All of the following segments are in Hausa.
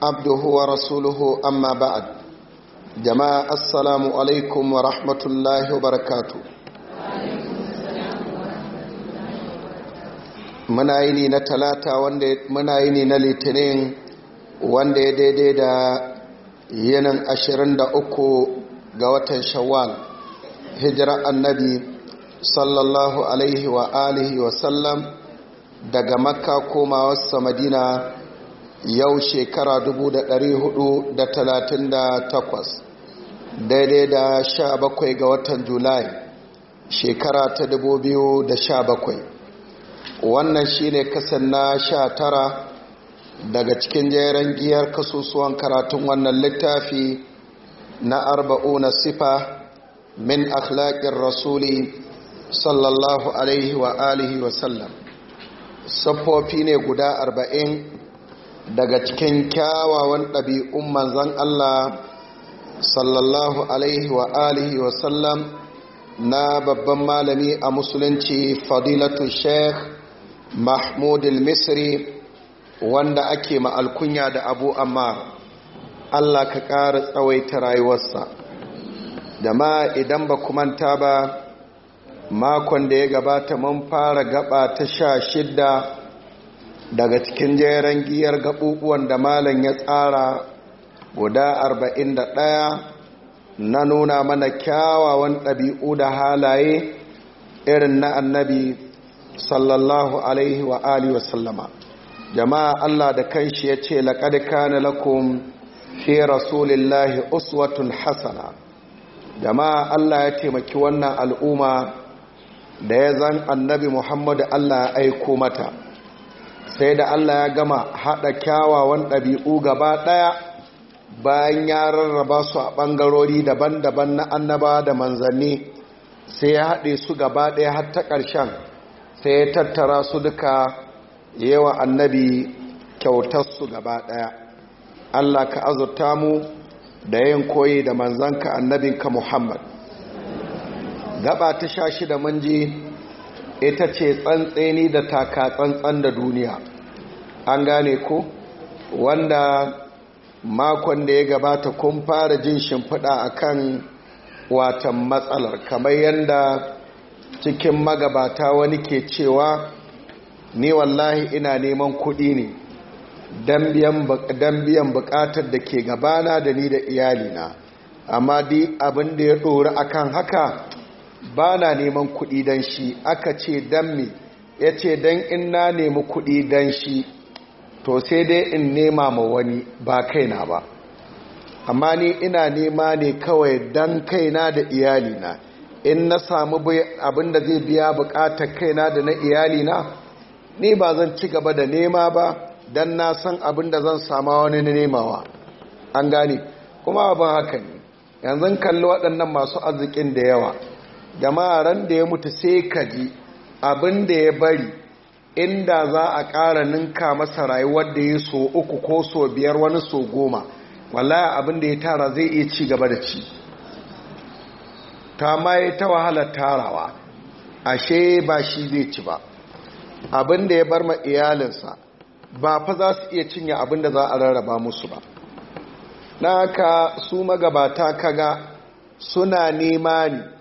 abduhu wa rasuluhu amma ba'ad jama'a assalamu alaikum wa rahmatullahi wa muna yi ne na talata wanda muna yi ne na litinin wanda ya daidai da yanin 23 ga watan shawwal hijira annabi sallallahu alaihi wa alihi wa sallam daga makka komawarsa madina yau shekara 438 daidai da 17 ga watan julai shekara ta 2017 wannan shine kasan na 19 daga cikin jeren giyar kasusuwan karatun wannan littafi na na sifa min akhlaƙin rasuli sallallahu alaihi wa alihi sallam saffofi ne guda arba'in daga cikin kyawawan ɗabi'un manzan Allah sallallahu alaihi wa alihi wa sallam na babban malami a musulunci fadilatu sheikh Mahmudin misri wanda ake ma'alkunya da abu amma Allah ka ƙara tsawaita rayuwarsa da ma idan ba kumanta ba makon da ya gabata mun fara gaba ta sha shidda daga cikin jeren giyar gabubuwan da malam ya tsara guda 41 na nuna mana kyawawan ɗabi'u da halaye irin na annabi sallallahu alaihi wa alihi wasallama jama'a Allah da kanshi ya ce laƙad kana lakum fi rasulillahi uswatun hasana jama'a Allah ya taimaki wannan al'umma da ya zan annabi Muhammadu Allah ya aiko mata sai da Allah ya gama haɗa kyawawan ɗabi'u gaba ɗaya bayan ya rarraba su a ɓangarori daban-daban na annaba da manzanni sai ya haɗe su gaba ɗaya har ta ƙarshen sai ya tattara su duka yawa annabi kyautarsu gaba ɗaya allah ka azurta mu da yin koyi da manzanka annabinka muhammad gaba ta sha shida mun manji ita ce tsantseni da taka tsantsan da duniya an gane ko wanda makon da ya gabata kun fara jin shimfiɗa kan watan matsalar kamar yadda cikin magabata wani ke cewa ni wallahi ina neman kuɗi ne don biyan buƙatar da ke gabana da ni da iyalina amma di abin da ya ɗori akan haka ba na neman kuɗi don shi aka ce don me ya ce don in na nemi kuɗi don shi to sai dai in nema ma wani ba kaina ba amma ni ina nema ne kawai don kaina da iyalina in na samu abinda zai biya bukatar kaina da na iyalina ni ba zan ci gaba da nema ba don na san abinda zan sama wani nemawa an gane kuma abin haka ne yanzu kalli waɗannan masu arzikin da yawa Da ran da ya mutu sai ka ji abin ya bari inda za a ƙara ninka masa rayuwar da ya so uku ko so biyar wani so goma wallahi abin ya tara zai iya ci gaba da ci ta ma ya ta wahalar tarawa ashe ba shi zai ci ba Abinda ya bar ma iyalinsa ba fa za su iya cinye abin da za a rarraba musu ba na ka su magabata kaga suna nema ne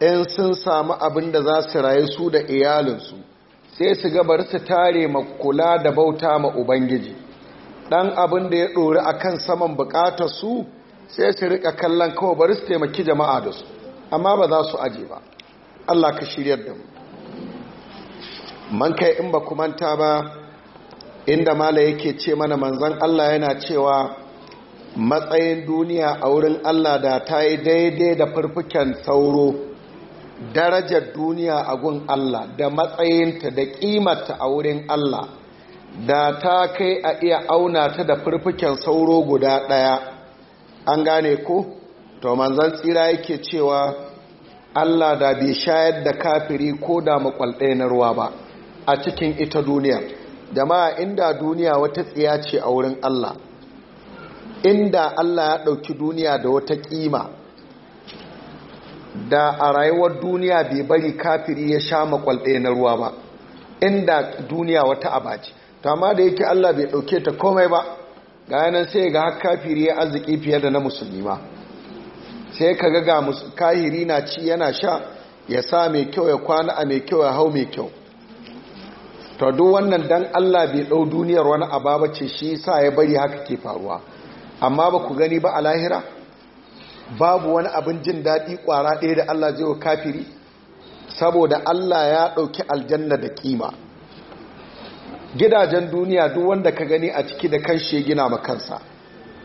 in sun samu abin da za su rayu su da iyalinsu sai su gabar su tare makula da bauta ma ubangiji dan abin da ya ɗori akan saman bukatar su sai su rika kallon kawai bari su taimaki jama'a da su amma ba za su aje ba allah ka shiryar da mu man kai in ba manta ba inda mala yake ce mana manzan allah yana cewa matsayin duniya a wurin allah da ta yi daidai da furfuken sauro darajar duniya a gun Allah da matsayinta da ƙimata a wurin Allah da ta kai a iya auna ta da furfuken sauro guda ɗaya an gane ko to manzan tsira yake cewa Allah da bai shayar da kafiri ko da makwalɗe na ruwa ba a cikin ita duniya jama'a inda duniya wata tsiya ce a wurin Allah inda Allah ya ɗauki duniya da wata ƙima da a rayuwar duniya bai bari kafiri ya sha makwalɗe na ruwa ba inda duniya wata abaci ta ma da yake Allah bai ɗauke ta komai ba ga yanar sai ga kafiri ya arziki fiye da na musulmi ba. sai ka ga kahiri na ci yana sha ya sa mai kyau ya kwana a mai kyau ya hau mai kyau ta duk wannan dan Allah bai ɗau duniyar wani ababace ce shi sa ya bari haka ke faruwa amma ba ku gani ba a lahira babu wani abin jin daɗi ƙwara ɗaya da Allah zai wa kafiri saboda Allah ya ɗauki aljanna da ƙima. gidajen duniya duk wanda ka gani a ciki da kan ya gina ma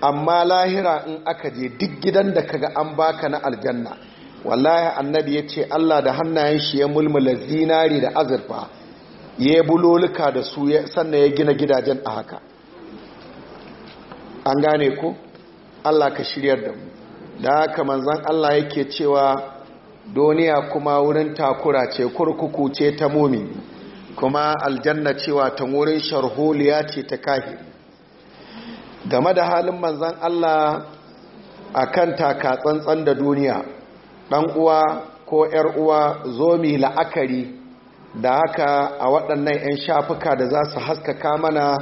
amma lahira in aka je duk gidan da kaga an baka na aljanna wallahi annabi ya ce Allah da hannayen shi ya mulmula zinari da azurfa ya yi bulolika da su sannan ya gina gidajen a haka an gane ku? Allah ka shiryar da mu da haka manzan Allah yake cewa duniya kuma wurin takura ce kurkuku ce ta mumi kuma aljanna cewa ta wurin sharholiya ce ta kahi game da halin manzan Allah a kan takatsantsan da duniya ɗan uwa ko ‘yar uwa zo mi la'akari da haka a waɗannan ‘yan shafuka da za su haskaka mana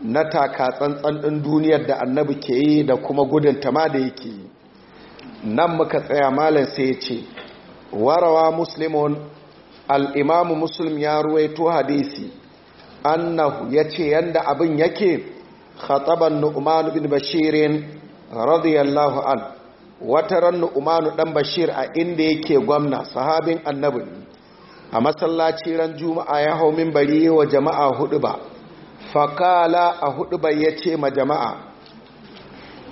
na takatsantsan ɗin duniyar da annabi ke yi da kuma gudun tama da yake yi nan muka tsaya malam sai ya ce warawa muslimun al'imamu muslim ya ruwaito hadisi annahu ya ce yadda abin yake khataban nu'manu bin bashirin radiyallahu an wata ran nu'manu dan bashir a inda yake gwamna sahabin annabi a masallaci ran juma'a ya hau min bari wa jama'a hudu ba fakala a hudu bai ya ce ma jama'a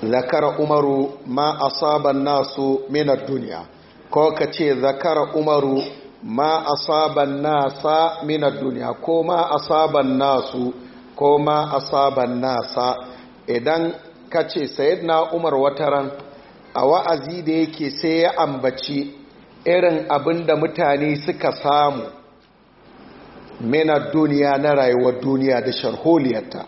zakara umaru ma asaban nasu minar duniya ko ka ce zakara umaru ma asaban nasa minar duniya ko ma asaban nasu ko ma asaban nasa idan ka ce na umar wataran a wa'azi da yake sai ya ambaci irin abin da mutane suka samu minar duniya na rayuwar duniya da sharholiyarta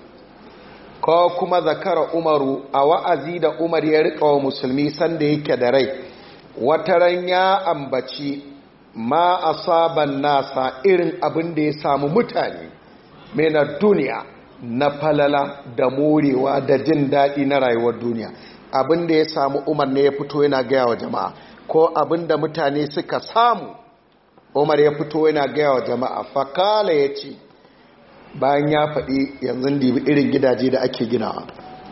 ko kuma zakara umaru a wa'azi da umar ya riƙa wa musulmi sanda yake da rai wataran ya ambaci ma a sabon nasa irin abin da ya samu mutane mai na duniya na falala da morewa da jin daɗi na rayuwar duniya abin da ya samu umar ne ya fito yana gaya wa jama'a ko abin da mutane suka samu umar ya fito yana gaya wa jama'a fakala ya ce bayan ya faɗi yanzu da irin gidaje da ake ginawa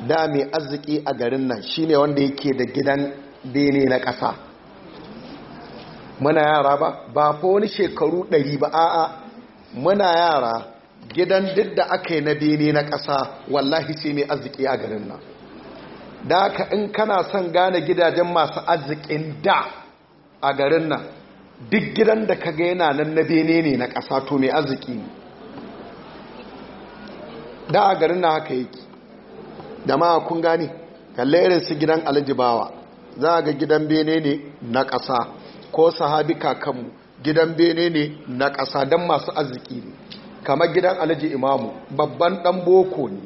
da mai arziki a garin nan shine wanda yake da gidan bene na ƙasa muna yara ba ba fa wani shekaru ɗari ba a'a muna yara gidan duk da aka yi na bene na ƙasa wallahi sai mai arziki a garin nan da aka in kana son gane gidajen masu arzikin da a garin nan duk gidan da ka ga yana nan na bene ne na ƙasa to mai arziki ne da a garin na haka yake da ma kun gane kalle irin su gidan aljibawa za ga gidan bene ne na ƙasa ko sahabi kakanmu gidan bene ne na ƙasa don masu arziki ne kamar gidan alhaji imamu babban ɗan boko ne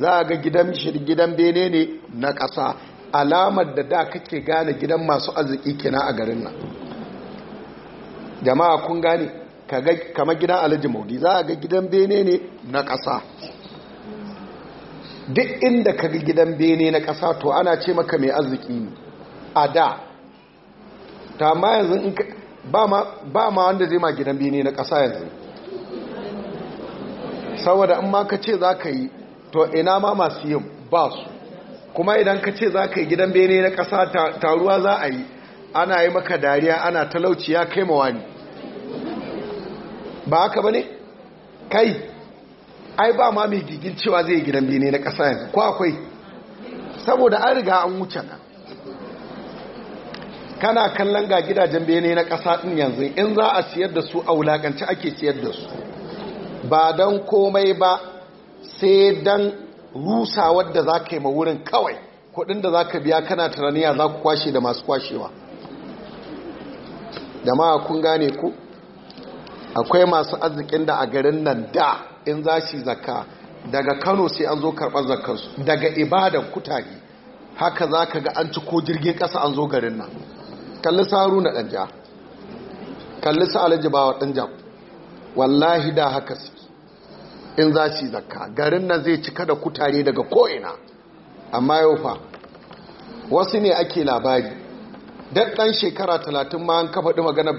za ga gidan gidan bene ne na ƙasa alamar da da kake gane gidan masu arziki kina a garin nan jama'a kun gane kamar gidan alji maudi za ga gidan bene ne na ƙasa duk inda ka ga gidan bene na ƙasa to ana ce maka mai arziki ne a da ta ma yanzu ba ma wanda zai ma gidan bene na ƙasa yanzu saboda in ma ka ce za ka yi to ina ma masu yin ba su kuma idan ka ce za ka yi gidan bene na ƙasa taruwa za a yi ana yi maka dariya ana talauci ya kai mawani ba haka ba ne kai ai ba ma mai gigin cewa zai gidan bene na ƙasa yanzu ko akwai saboda an riga an wuce nan kana kallon ga gidajen bene na ƙasa ɗin yanzu in za a siyar da su a wulakanci ake siyar da su ba don komai ba sai don rusa wadda za ka yi ma wurin kawai kuɗin da za ka biya kana tunaniya za ku kwashe da masu kwashewa da ma kun gane ku akwai masu arzikin da a garin nan da in za shi zaka daga kano sai an zo karɓar zakarsu daga ibadan kutane, haka za ka ga an ci ko jirgin ƙasa an zo garin nan kalli saru na ɗanja kalli sa ba wa ɗanja wallahi da haka su in za shi zaka garin nan zai cika da kutare daga ko'ina amma yau fa wasu ne ake labari dan ɗan shekara talatin ma an kafa ɗi magana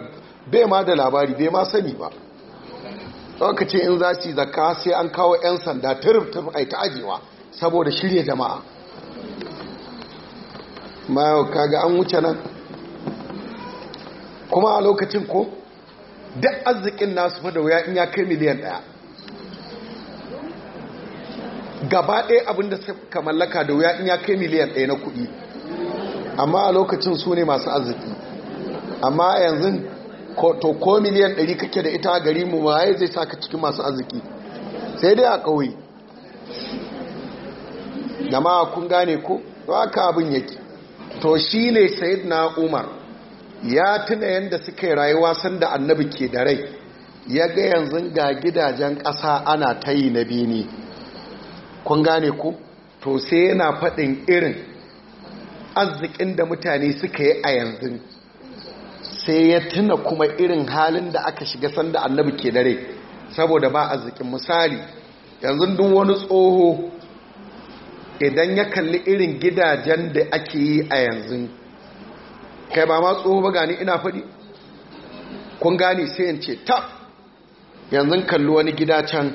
bai ma da labari bai ma sani ba Lokacin in za su yi sai an kawo 'yan sanda turub-turub a ta ajiyewa saboda shirya jama'a mayo kaga an wuce nan kuma a lokacin ko duk arzikin nasu fada wuya in ya kai miliyan daya gaba ɗaya abinda suka mallaka da wuya in ya kai miliyan ɗaya na kuɗi amma a lokacin su ne masu arziki amma yanzu to ko miliyan 100 kake da ita a gari mu ma ya zai saka cikin masu arziki sai dai a ƙauye ma kun gane ko haka abin yake to shi ne na umar ya tuna yanda suka yi rayuwa sanda annabi ke da rai ya ga yanzu ga gidajen ƙasa ana ta yi na bini kun gane ku to sai yana faɗin irin arzikin da mutane suka yi a yanzu sai ya tuna kuma irin halin da aka shiga sanda annabi ke dare saboda ba arzikin misali yanzu duk wani tsoho idan ya kalli irin gidajen da ake yi a yanzu kai ba ma tsoho ba gani ina faɗi kun gani sai in ce ta yanzu kalli wani gida can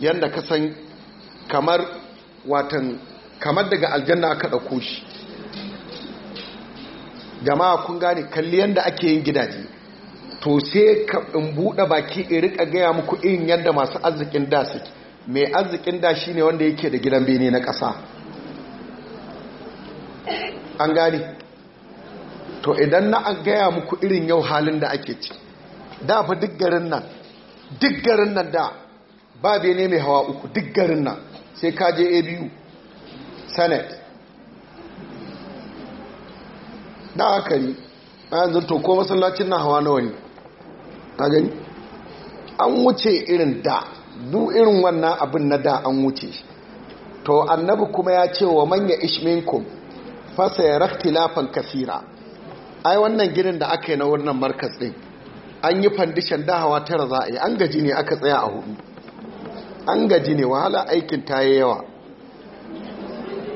yadda ka san kamar watan kamar daga aljanna aka ɗauko shi jama'a kun gane kalli yadda ake yin gidaje to sai ka in buɗe baki in rika gaya muku irin yadda masu arzikin da suke mai arzikin da shi ne wanda yake da gidan bene na ƙasa an gane to idan na an gaya muku irin yau halin da ake ci da fa duk garin nan duk garin nan da ba bene mai hawa uku duk garin nan sai ka je abu senate da akari a yanzu to ko masallacin na hawa nawa ne a gani an wuce irin da duk irin wannan abin na da an wuce to annabi kuma ya ce wa manya ishminkum fasa ya raktilafan kasira ai wannan ginin da aka yi na wannan markas ɗin an yi fandishan da hawa tara za a yi an gaji ne aka tsaya a hudu an gaji ne wahala aikin ta yi yawa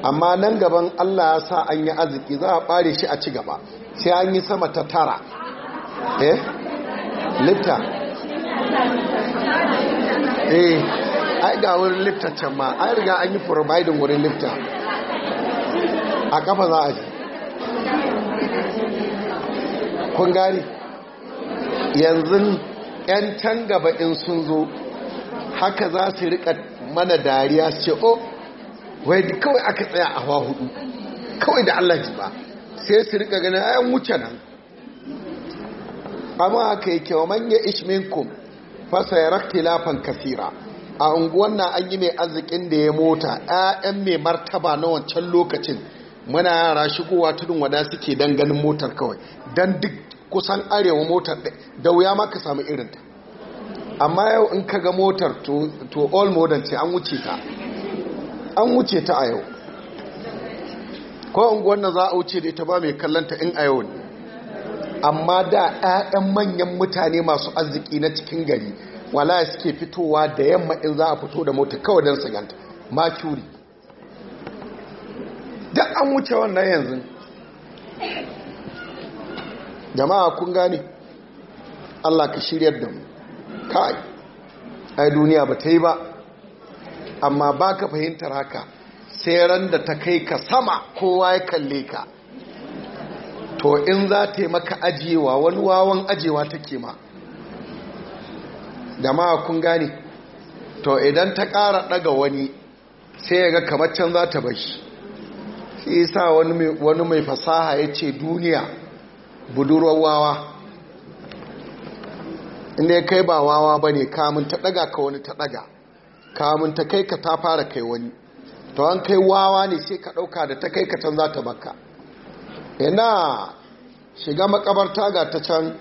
amma nan gaban Allah ya sa an yi arziki za a ɓare shi a ci gaba sai an yi sama ta tara eh lifta eh ai ga wurin lifta can ma ai riga an yi providing wurin lifta a kafa za a ji kun gari yanzu 'yan can gaba in sun zo haka za su riƙa mana dariya su ce o oh, wai kawai aka tsaya a hawa hudu kawai da Allah ji ba sai su rika ganin ayan wuce nan amma aka yi kyau manya ishminkum fasa ya lafan kasira a unguwan na an yi mai arzikin da ya mota 'ya'yan mai martaba na wancan lokacin muna yara shigowa tudun wada suke don ganin motar kawai don duk kusan arewa motar da wuya ma ka samu irinta amma yau in ka ga motar to all modern ce an wuce ta an wuce ta a yau ko unguwar za a wuce da ita ba mai kallanta in a yau ne amma da ɗaɗan manyan mutane masu arziki na cikin gari wala suke fitowa da yamma in za a fito da mota kawai don su ganta makuri don an wuce wannan yanzu jama'a kun gane allah ka shiryar da mu kai ai duniya ba ta yi ba amma ba ka fahimtar haka sai ran da ta kai ka sama kowa ya kalle ka to in za ta yi maka ajiyewa wani wawan ajiyewa ta ke ma da kun gane to idan ta ƙara ɗaga wani sai ya ga kamar za ta bashi shi sa wani mai fasaha ya ce duniya budurwar wawa inda ya kai ba wawa ba ne kamun ta ɗaga ka wani ta ɗaga kamun ta kai ka ta fara kai wani to an kai wawa ne sai ka ɗauka da ta kai ka can za ta baka Ina shiga makabarta ga ta can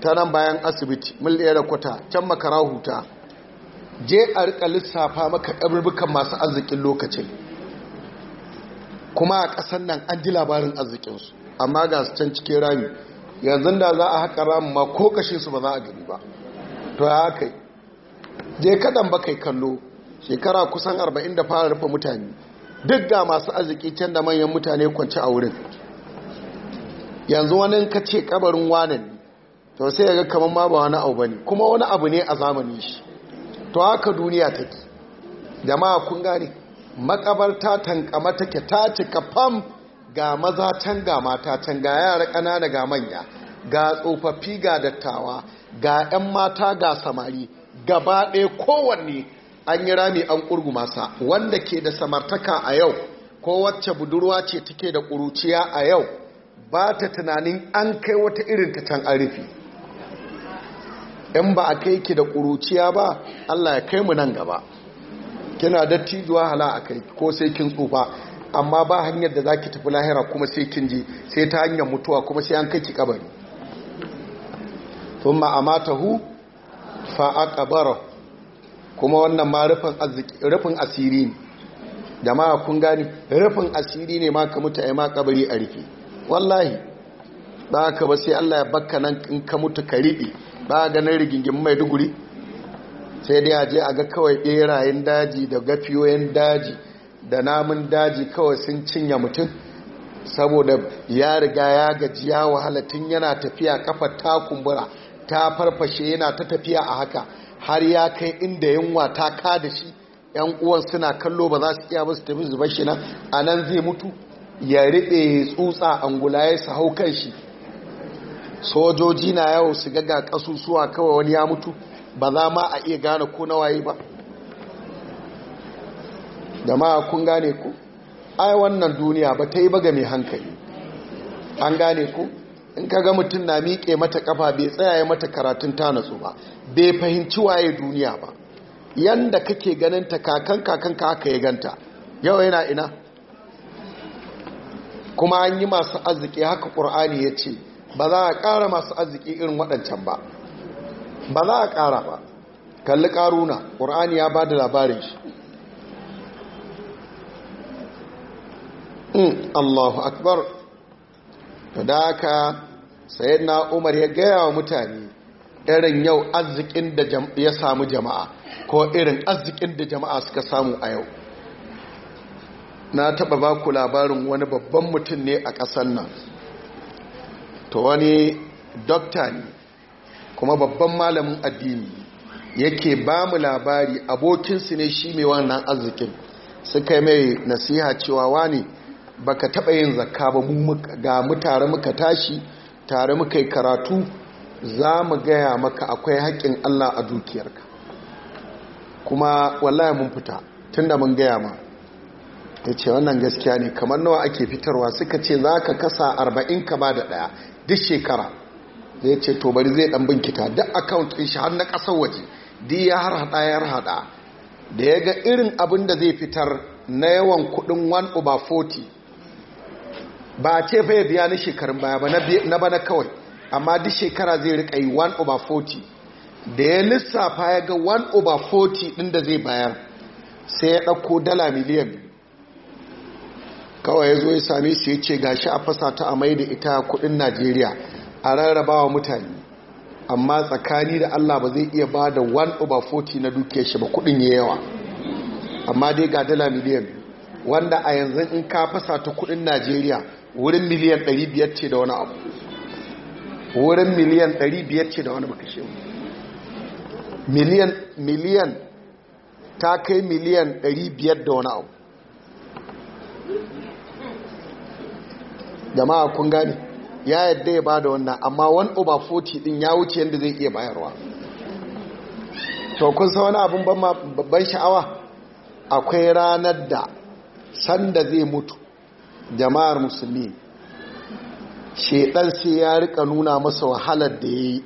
ta nan bayan asibiti da kwata can makara huta je a rika lissafa maka ɗabibukan masu arzikin lokacin kuma a ƙasar nan an ji labarin arzikinsu amma ga su can cikin rami yanzu da za a haƙa ramin ma ko kashinsu ba za a gani ba to ya haka je kaɗan ba kai kallo shekara kusan 40 da fara rufe mutane duk da masu arziki can da manyan mutane kwanci a wurin yanzu wani ka ce kabarin wanan to sai ga kamar ma ba wani abu bane kuma wani abu ne a zamani shi to haka duniya take jama'a kun gane makabarta tankama take ta cika fam ga maza can ga mata can ga yara ƙanana ga manya ga tsofaffi ga dattawa ga 'yan mata ga samari gaba ɗaya kowanne an yi rami an ƙurgu masa. wanda ke da samartaka a yau ko wacce budurwa ce take da ƙuruciya a yau ba ta tunanin an kai wata irin ta can arifi in ba a kai ki da ƙuruciya ba allah ya kai mu nan gaba kina dattijuwa hala a kai ko sai kin tsufa amma ba hanyar da za ki tafi lahira kuma sai kin ji sai ta hanyar mutuwa kuma sai an kai ki kabari sun ma'amata hu fa'aqabara kuma wannan ma rufin asiri ne jama'a kun gani rufin asiri ne ma ka mutu ai ma kabari a rufe wallahi ba ka ba sai Allah ya baka nan in ka mutu ka riɓe ba ganin rigingin mai duguri sai dai a je a ga kawai ɓerayen daji da gafiyoyin daji da namun daji kawai sun cinye mutum saboda ya riga ya gajiya ya wahala tun yana tafiya kafar takumbura. ta farfashe yana ta tafiya a haka har ya kai inda yunwa ta ka da shi yan uwan suna kallo ba za su iya ba su tafi shi nan a nan zai mutu ya riɓe tsutsa angula ya su hau kan shi sojoji na yau su gaga kasusuwa kawai wani ya mutu ba za ma a iya gane ko nawaye ba Da ma kun gane ku ai wannan duniya ba ta yi ba mai hankali an gane ku in kaga mutum na miƙe mata kafa bai tsaya mata karatun ta natsu ba bai fahimci waye duniya ba yanda kake ganin ta kakan kakan ka aka ya ganta yau yana ina kuma an yi masu arziki haka ƙur'ani ya ce ba za a ƙara masu arziki irin waɗancan ba ba za a ƙara ba kalli ƙaruna ƙur'ani ya ba da labarin shi hmm, Allahu akbar to da Sayan na umar ya gaya wa mutane irin yau arzikin da ya samu jama'a ko irin arzikin da jama'a suka samu a yau na taba ba ku labarin wani babban mutum ne a ƙasar nan to wani dokta ne kuma babban malamin addini yake ba mu labari abokinsu ne shi mai wannan arzikin suka yi mai nasiha cewa wani baka taɓa yin zakka ba ga mutare tare muka tashi tare muka yi karatu za mu gaya maka akwai haƙƙin Allah a dukiyarka kuma wallahi mun fita tunda mun gaya ma ya ce wannan gaskiya ne kamar nawa ake fitarwa suka ce za ka kasa arba'in ka ba da ɗaya duk shekara zai ce to bari zai ɗan bin kita. duk akawunt ɗin shi har na ƙasar waje duk ya har haɗa ya har haɗa da ya ga irin abin da zai fitar na yawan kuɗin 1 over 40 ba a ce fa ya biya ni shekarun baya ba na bana kawai amma duk shekara zai rika yi 1 over 40 da ya lissafa ya ga 1 over 40 din da zai bayar sai ya ɗauko dala miliyan kawai ya zo ya same su ya ce gashi a fasa ta amai da ita kudin najeriya a rarrabawa mutane amma tsakani da allah ba zai iya ba da 1 over 40 na dukiyar shi ba kudin ya yawa amma dai ga dala miliyan wanda a yanzu in ka fasa ta kudin najeriya wurin miliyan 500 ce da wani abu wurin miliyan 500 ce da wani bakashe miliyan miliyan ta kai miliyan 500 da wani abu jama'a kun gane ya yadda ya bada wannan amma 1 over 40 din ya wuce yadda zai iya bayarwa to kun sa wani abin ban sha'awa akwai ranar da sanda zai mutu jama'ar musulmi shedan sai ya rika nuna masa wahalar da ya yi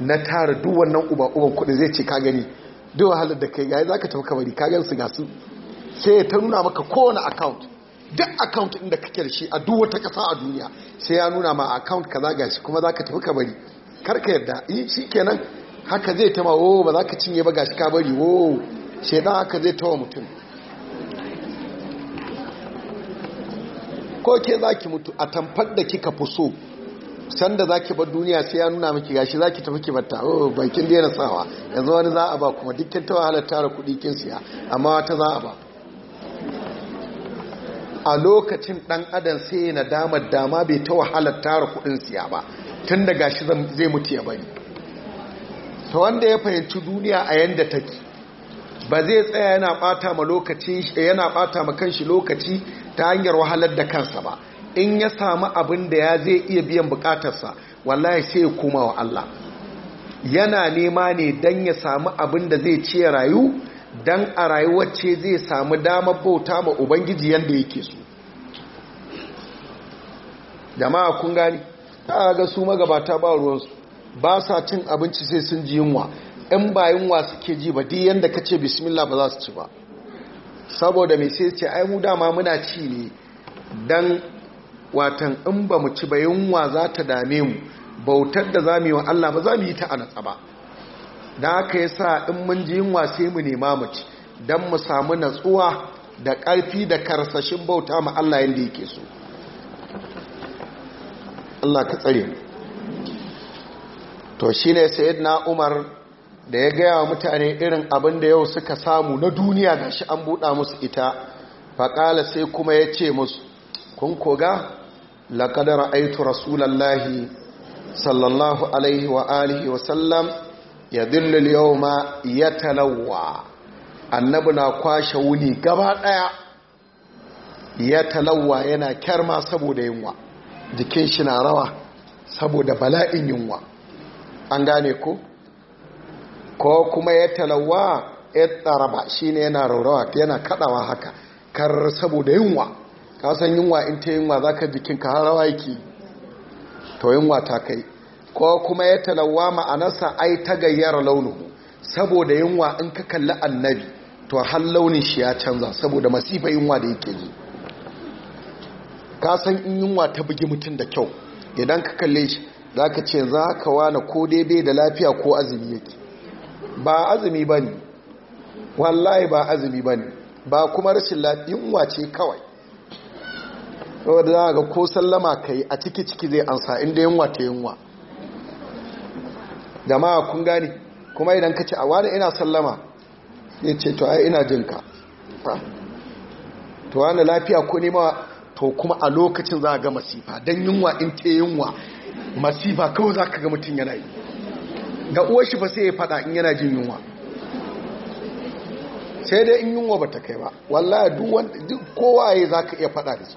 na tara duwannan nan uba-uban kuɗi zai ce ka gani duwan wahalar da kai yi za ka tafi kabari ka gan su ga sai ya ta nuna maka kowane account duk account inda kake da shi a duk wata kasa a duniya sai ya nuna ma account kaza za gashi kuma za ka tafi kabari kar ka yarda in eh, shi kenan haka zai tama wo oh, ba za ka cinye ba gashi ka bari wo shedan haka zai tawa mutum ko ke za ki mutu a tamfar da kika fi so sanda za ki bar duniya sai ya nuna miki gashi za ki tafi ki batta oh bakin yana sawa yanzu wani za a ba kuma dukkan ta wahalar tara kuɗi kin siya amma wata za a ba a lokacin dan adam sai yana damar dama bai ta wahalar tara kuɗin siya ba tun da gashi zai mutu ya bari ta wanda ya fahimci duniya a yanda take ba zai tsaya yana bata ma lokaci yana ma kanshi lokaci ta hanyar wahalar da kansa ba in ya samu abin da ya zai iya biyan bukatarsa wallahi sai ya koma wa Allah yana nema ne don ya samu abin da zai ce rayu don a rayuwar ce zai samu damar bauta ma ubangiji yadda yake so jama'a kun gani ta ga su magabata ba ruwansu ba sa cin abinci sai sun ji yunwa in ba yunwa suke ji ba duk yadda ka ce bismillah ba za su ci ba saboda mai sai ce ai mu dama muna ci ne dan watan in ba mu ci ba yunwa za ta dame mu bautar da za mu yi wa Allah ba za mu yi ta anatsa ba da aka yi sa in mun ji yunwa sai mu nema mu ci don mu samu natsuwa da ƙarfi da karsashin bauta ma Allah yadda yake so Allah ka tsare to shine na Umar da ya gaya mutane irin abin da yau suka samu na duniya ga shi an buɗa musu ita faƙala sai kuma ya ce musu kun koga laƙadar aitu rasulallahi sallallahu alaihi wa alihi wasallam ya dillil yau ma ya talawa annabi na kwashe wuni gaba ɗaya ya talawa yana kyarma saboda yunwa jikin shi na rawa saboda bala'in yunwa an gane ko ko kuma ya talawa ya tsaraba shi ne yana raurawa yana kadawa haka kar saboda yunwa kasan yunwa in ta yunwa za ka jikinka har harawa yake to yunwa ta kai ko kuma ya talawa ma'anarsa ai ta gayyara launu? saboda yunwa in ka kalli annabi to har launin shi ya canza saboda masifa yunwa da yake yi kasan in yunwa ta bugi mutum da kyau idan ka kalle shi za ka ce za ka wane ko daidai da lafiya ko azumi yake ba azumi ba ne wallahi ba azumi ba ne ba kuma rashin yunwa ce kawai wadda za ga ko sallama ka yi a ciki-ciki zai ansa inda yunwa ta yunwa jama'a kun gani kuma idan ka ce a wani ina sallama ya ce to ai ina jinka to wani lafiya ko nema to kuma a lokacin za ga masifa don yunwa in te yunwa masifa kawai za ka ga mutum yana yi ga uwar shi fa sai ya fada in yana jin yunwa sai dai in yunwa ba ta kai ba wallahi duk kowa ya ka iya fada da shi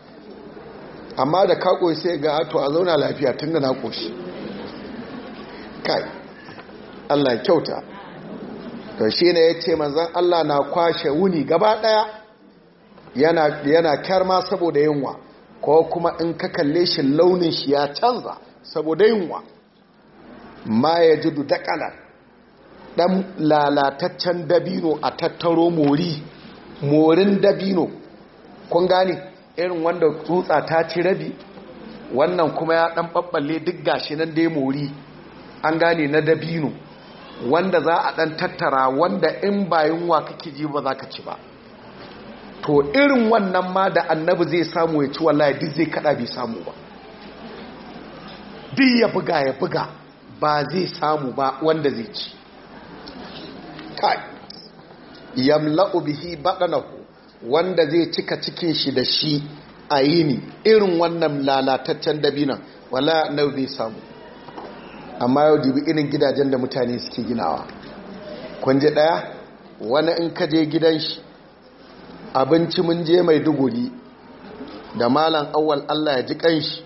amma da ka koyi sai ga to a zauna lafiya tunda na koshi kai Allah ya kyauta to shi ne ya ce manzan Allah na kwashe wuni gaba ɗaya yana kyar ma saboda yunwa ko kuma in ka kalle shi launin shi ya canza saboda yunwa ma ya ji dakala ɗan lalataccen dabino a tattaro mori morin dabino kun gane irin wanda tsutsa ta ci rabi wannan kuma ya ɗan ɓaɓɓalle duk gashi nan dai mori an gane na dabino wanda za a ɗan tattara wanda in bayan wa kake ji ba za ka ci ba to irin wannan ma da annabi zai samu ya ci wallahi duk zai kaɗa bai samu ba duk ya buga ya buga ba zai samu ba wanda zai ci kai yamla'u bihi ku wanda zai cika cikin shi da shi a yini irin wannan lalataccen dabinan wala na zai samu amma yau dubi irin gidajen da mutane suke ginawa Kun ji ɗaya wani in kaje gidan shi abinci mun je mai duguri da malam awwal Allah ya ji shi,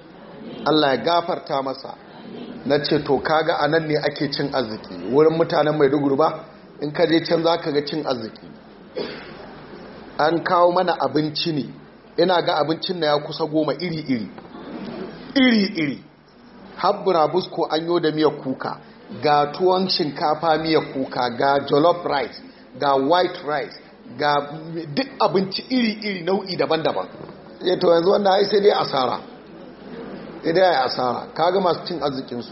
Allah ya gafarta masa na ce to kaga a nan ne ake cin arziki wurin mutanen mai duguru ba in ka je can za ka ga cin arziki an kawo mana abinci ne ina ga abincin na ya kusa goma iri-iri iri-iri habbura busko an yi da miya kuka ga tuwon shinkafa miya kuka ga jollof rice ga white rice ga duk abinci iri-iri nau'i daban-daban ya to yanzu wannan sai dai asara idan ya asara kaga masu cin arzikinsu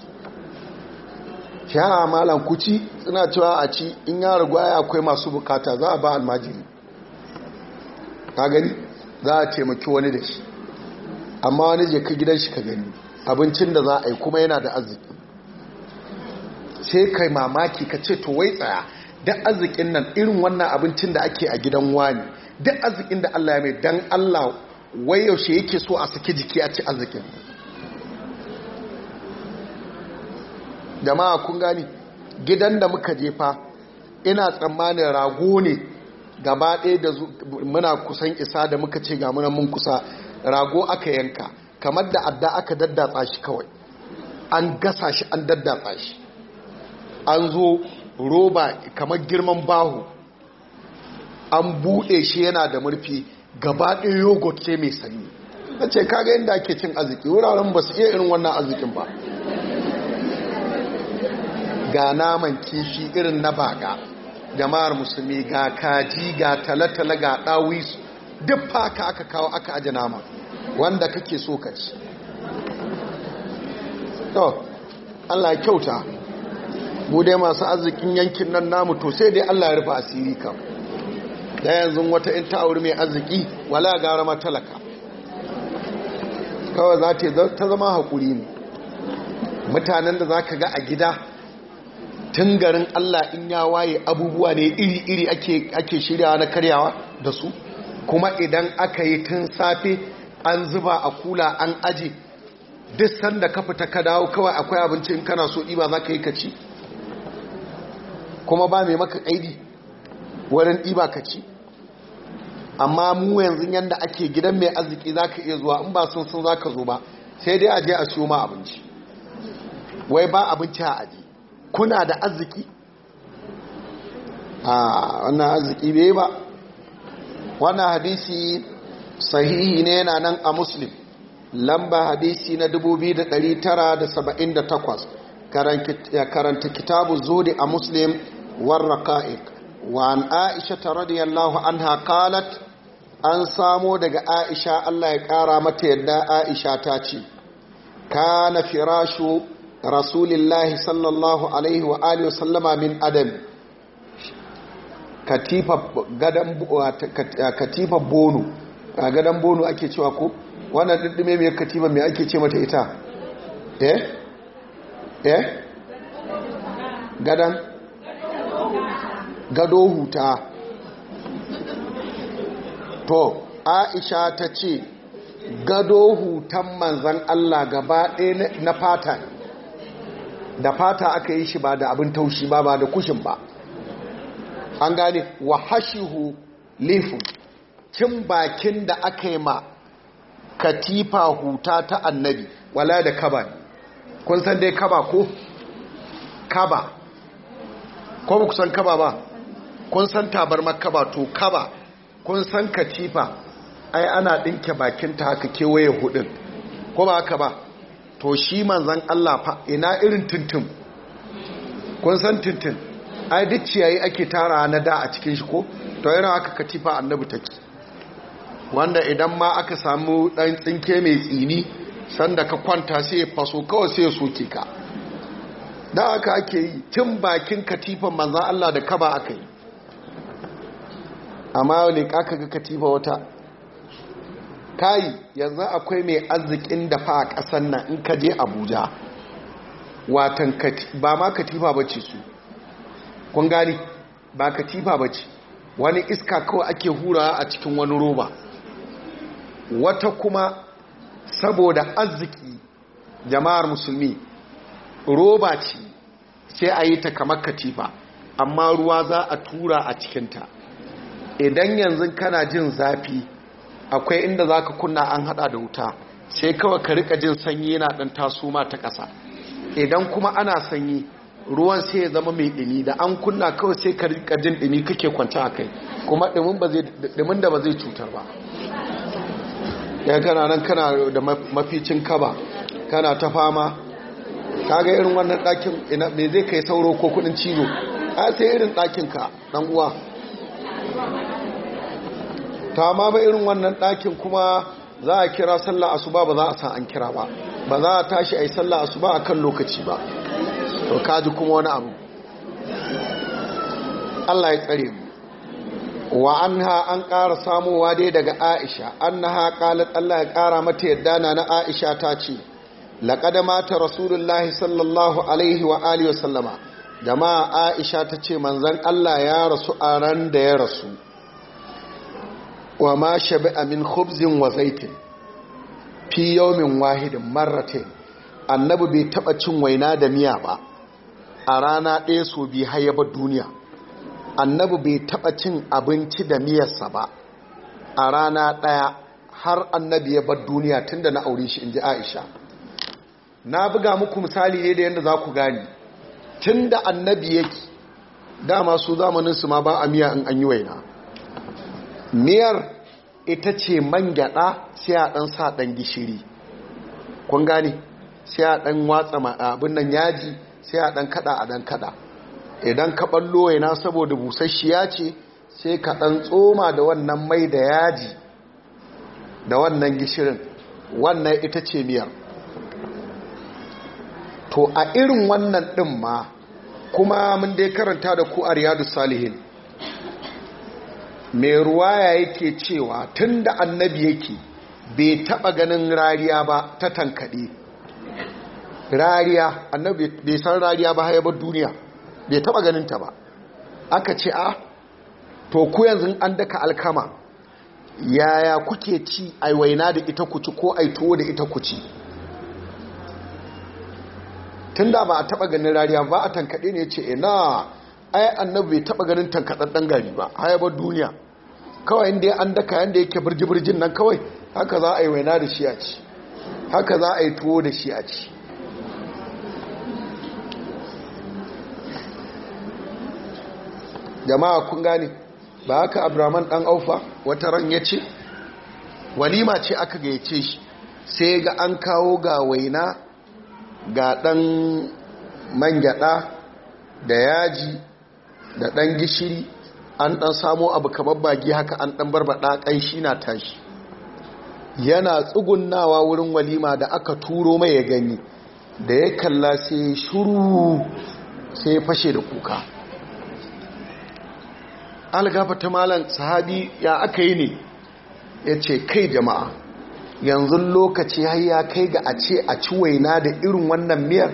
fiya malam kuci suna cewa a ci in ya ragwaya akwai masu bukata za a ba almajiri ta gani za a taimaki wani da shi amma wani je ka gidan shi ka gani abincin da za a yi kuma yana da arziki sai kai mamaki ka ce to wai tsaya da arzikin nan irin wannan abincin da ake a gidan wani duk arzikin da Allah ya mai don Allah wai yaushe yake so a saki jiki a ci arzikin jama'a kun gani gidan da muka jefa ina tsammanin rago ne gaba ɗaya da muna kusan isa da muka ce ga muna mun kusa rago aka yanka kamar da adda aka daddatsa shi kawai an gasa shi an daddatsa shi an zo roba kamar girman bahu an buɗe shi yana da murfi gaba ɗaya yogurt ce mai sanyi na ce kaga yadda ake cin arziki wuraren ba su iya irin wannan arzikin ba ga naman kifi irin na baga jama'ar musulmi ga kaji ga talatala ga ɗawisu duk faka aka kawo aka aji nama wanda kake so ka ci to Allah ya kyauta mu dai masu arzikin yankin nan namu to sai dai Allah ya rufe asiri kan da yanzu wata in ta auri mai arziki wala gara ma talaka kawai za ta zama haƙuri ne mutanen da za ka ga a gida tun garin Allah in ya waye abubuwa ne iri-iri ake shiryawa na karyawa da su kuma idan aka yi tun safe an zuba a kula an aji duk sanda ka fita ka dawo kawai akwai abinci in kana so iba za ka yi ka kuma ba mai maka aidi wurin ɗiba kaci ci amma mu yanzu yadda ake gidan mai arziki za ka iya zuwa in ba sun sun za ka zo ba sai dai aje a siyo ma abinci wai ba abinci a aji kuna da arziki a wannan arziki bai ba wannan hadisi sahihi ne yana nan a muslim lamba hadisi na 2978 karanta kitabu zodi a muslim warraƙa'ik wa an aisha ta radiyallahu an haƙalat an samo daga aisha allah ya ƙara mata yadda aisha ta ce kana firashu rasulillahi sallallahu alaihi wa alihi wasallama min adam katifa katifa bonu a gadon bonu ake cewa ko wannan ɗinɗime mai katifa mai ake ce ta ita eh eh gadon gado huta to aisha ta ce gado hutan manzan allah gaba ɗaya na fata da fata aka yi shi ba da abin taushi ba ba da kushin ba an gane wa hashihu lifin cin bakin da aka yi ma katifa huta ta annabi wala da kaba kun san dai kaba ko kaba ko ba kusan kaba ba kun san tabarmar kaba to kaba kun san katifa ai ana ɗinke bakinta haka kewaye hudun ko ba haka ba to shi manzan Allah fa ina irin tuntun kun san tuntun ai duk ciyayi ake tara na da a cikin shi ko to yana aka katifa annabi take wanda idan ma aka samu dan tsinke mai tsini sanda ka kwanta sai ya faso kawai sai ya soke ka da aka ake yi tun bakin katifan manzan Allah da kaba aka yi amma wani ka ga katifa wata kai yanzu akwai mai arzikin da fa a ƙasan nan in ka je abuja watan ba ma katifa ba ce su kun gani ba katifa ba ce wani iska kawai ake hura a cikin wani roba wata kuma saboda arziki jama'ar musulmi roba ce sai a yi ta kamar katifa amma ruwa za a tura a cikinta idan yanzu kana jin zafi akwai inda za ka kunna an hada da wuta sai kawai ka rika jin sanyi yana dan taso ma ta ƙasa idan kuma ana sanyi ruwan sai ya zama mai ɗumi da an kunna kawai sai ka rika jin ɗumi kake kwanta a kai kuma ɗumin da ba zai cutar ba ya gana nan kana da maficin kaba kana ta fama ga irin wannan ɗakin ina me zai kai sauro ko kuɗin cizo a sai irin ɗakinka ka ɗan uwa ta ma ba irin wannan ɗakin kuma za a kira sallah asuba ba za a sa an kira ba ba za a tashi a yi sallah asuba a kan lokaci ba to kaji kuma wani abu Allah ya tsare mu wa anha an ƙara samowa dai daga aisha ha ƙalat Allah ya ƙara mata yadda na na aisha ta ce laƙada mata rasulullahi sallallahu alaihi wa alihi wa sallama jama'a aisha ta ce manzan Allah ya rasu a ran da ya rasu wa ma shabi'a min khubzin wa zaitin fi yawmin wahidin marrate annabi bai taba cin waina da miya ba a rana ɗaya so bi hayaba duniya annabi bai taba cin abinci da miyarsa ba a rana ɗaya har annabi ya bar duniya tunda na aure shi inji Aisha na buga muku misali ne da yadda za ku gani tunda annabi yake dama su zamanin su ma ba a miya in an yi waina miyar ita ce man gyada sai a dan sa dan gishiri kun gane sai a dan watsa abin nan yaji sai a dan kada a dan kada idan ka ballo yana saboda busasshiya ce sai ka dan tsoma da wannan mai da yaji da wannan gishirin wannan ita ce miyar to a irin wannan din ma kuma mun dai karanta da ku a riyadu salihin mai ruwaya yake cewa tun da annabi yake bai taba ganin rariya ba ta tankaɗe rariya annabi bai san rariya ba hayabar duniya bai taba ganin ta ba aka ce a ah, to ku yanzu an daka alkama yaya kuke ci aiwaina da ita kuci ko tuwo da ita kuci tun da ba a taba ganin rariya ba a tankaɗe ne ce ina ai annabi bai taba ganin tankadaddan gari ba hayabar duniya kawai inda an daka yadda yake birji-birjin nan kawai haka za a yi waina da shi a ci haka za a yi tuwo da shi a ci jama'a kun gane ba haka abraman ɗan aufa wata ran ya ce walima ce aka gayyace shi sai ga an kawo ga waina ga dan mangyada da yaji da ɗan gishiri an dan samo abu kamar bagi haka an dan barbada shi na tashi yana tsugunnawa wurin walima da aka turo mai ya gani da ya kalla sai shuru sai fashe da kuka algafa ta malan sahabi ya aka yi ne yace kai jama'a yanzu lokaci har ya kai ga a ce a ci waina da irin wannan miyar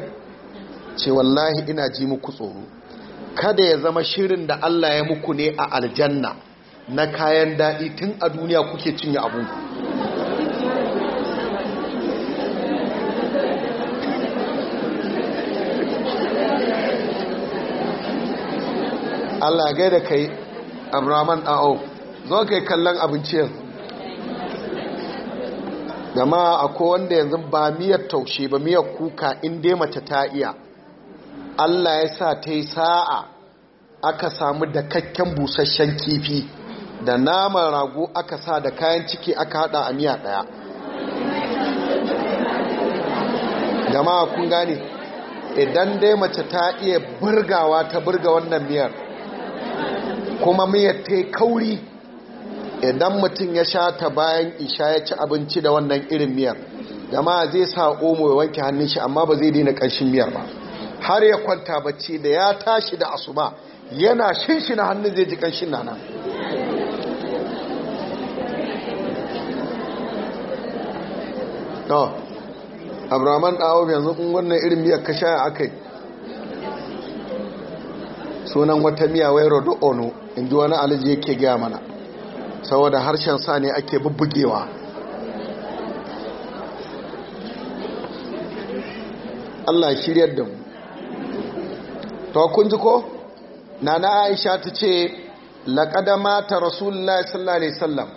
ce wallahi ina ji muku tsoro kada ya zama shirin da Allah ya muku ne a aljanna na kayan daɗi tun a duniya kuke cinye abunku Allah gai da kai abraman a'o zo kai kallon abinci yanzu gama akwai wanda yanzu ba miyar taushe ba miyar kuka in dai mace ta iya Allah ya sa ta yi sa'a aka samu da kakken busasshen kifi da naman rago aka sa da kayan ciki aka hada a miya daya jama'a kun gane idan dai mace ta iya burgawa ta burga wannan miyar kuma miyar ta yi kauri idan mutum ya sha ta bayan isha ya ci abinci da wannan irin miyar jama'a zai sa omo ya wanke hannun shi amma ba zai daina ƙanshin miyar ba har ya kwanta bacci da ya tashi da asuba yana shinshina hannun zai ji kanshin nana no abraman ɗawo yanzu kun wannan irin miyar kasha a aka yi sunan wata miya wai rodo ono in ji wani alaji yake gaya mana saboda harshen sa ne ake bubbugewa Allah shiryar da to kun ji ko nana aisha ta ce laƙadama ta rasulullah sallallahu alaihi wasallam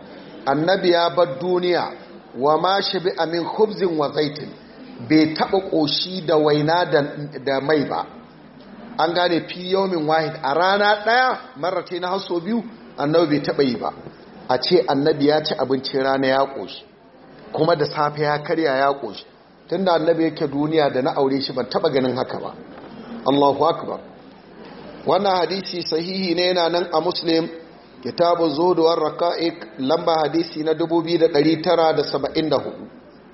annabi ya bar duniya wa ma shi bi amin khubzin wa zaitin bai taɓa ƙoshi da waina da mai ba an gane fi yawmin wahid a rana ɗaya marrate na haso biyu annabi bai taɓa yi ba a ce annabi ya ci abincin rana ya ƙoshi kuma da safe ya karya ya ƙoshi tunda annabi yake duniya da na aure shi ban taɓa ganin haka ba Allahu akbar wannan hadisi sahihi ne yana nan a muslim kitabun zuduwar raka'ik lamba hadisi na 2974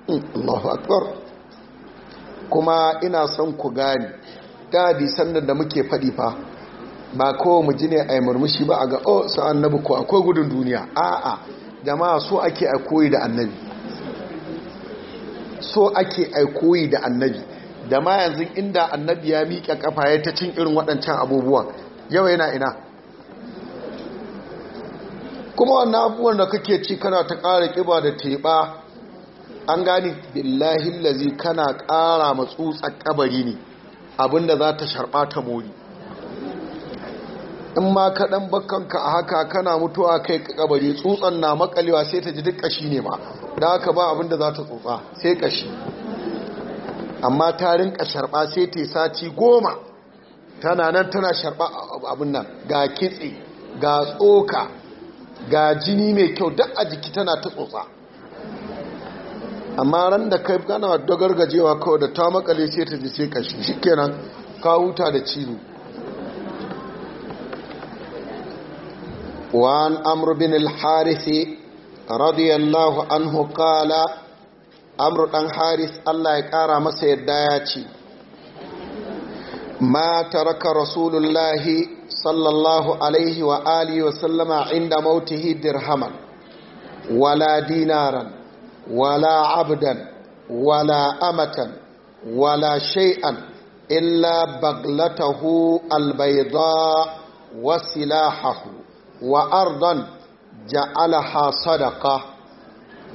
hmm, Allahu akbar kuma ina son ku gani ta hadisan da muke faɗi fa ba kowa mu ji ne a yi murmushi ba a ga o oh, sa'an annabi ko akwai gudun duniya a'a jama'a so ake a koyi da annabi so ake a koyi da annabi da ma yanzu inda annabi ya miƙe kafa ya ta cin irin waɗancan abubuwan yau yana ina kuma wannan abubuwan da kake ci kana ta ƙara ƙiba da teɓa an gani billahi lazi kana ƙara tsutsa ƙabari ne abinda za ta sharɓa ta mori in ma kaɗan bakanka a haka kana mutuwa kai ƙabari tsutsan na makalewa sai ta ji duk ƙashi ne ma da haka ba abinda za ta tsutsa sai ƙashi amma ta rinka sharba sai ta sati goma tana nan tana sharba abin nan ga kitse ga tsoka ga jini mai kyau duk a jiki tana ta tsotsa amma ran da kai gana dogar gajewa kawai da ta makale sai ta ji sai kashi shikenan ka huta da cizo وعن أمر بن الحارث رضي الله عنه قال amru dan haris Allah ya kara masa yadda ya ce ma taraka rasulullahi sallallahu alaihi wa alihi wa sallama inda mautihi dirhaman wala dinaran wala abdan wala amatan wala shay'an illa baglatahu albayda wa silahahu wa ardan ja'alaha sadaqa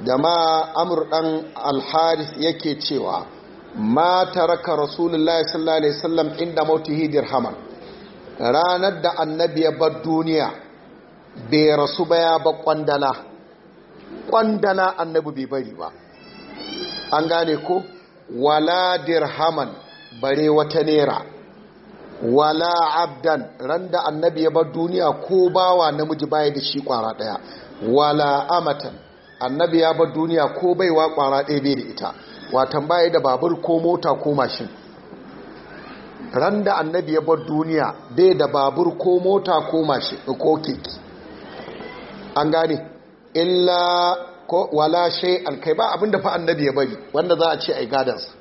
da ma amur dan alharis yake cewa ma taraka rasulullahi sallallahu alaihi wasallam inda mautihi dirhaman ranar da annabi ya bar duniya bai rasu ba ya ba kwandala kwandala annabi bai bari ba an gane ko wala dirhaman bare wata naira wala abdan randa annabi ya bar duniya ko bawa namiji baya da shi kwara daya wala amatan annabi ya bar duniya ko baiwa kwara ɗaya bai da ita watan baya da babur ko mota ko mashin ran da annabi ya bar duniya bai da babur ko mota ko mashin ko keke an gane illa ko wala shay alkai ba abinda fa annabi ya bari wanda za a ce ai gadansa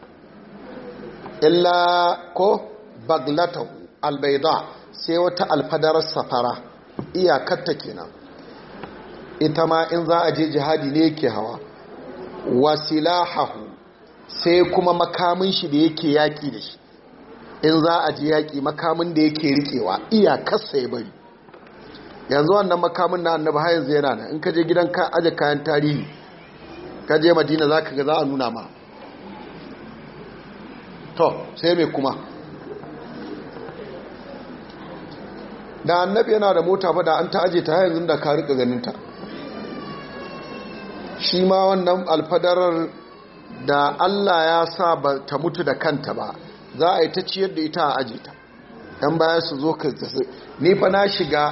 illa ko baglatahu albayda sai wata alfadarar safara iyakar ta kenan ita ma in za a je jihadi ne yake hawa wasilahahu sai kuma makamin shi da yake yaƙi da shi in za a ji yaƙi makamin da yake iya iyakarsa ya bari yanzu wannan makamin na annabi har yanzu yana nan in ka je gidan ka aje kayan tarihi ka je madina za ka ga za a nuna ma to sai mai kuma da annabi yana da mota ba da an ta aje ta yanzu da ka rika ganin ta shi ma wannan alfadarar da Allah ya sa ba ta mutu da kanta ba za a yi ta ciyar da ita a aje ta baya su zo ka ni fa na shiga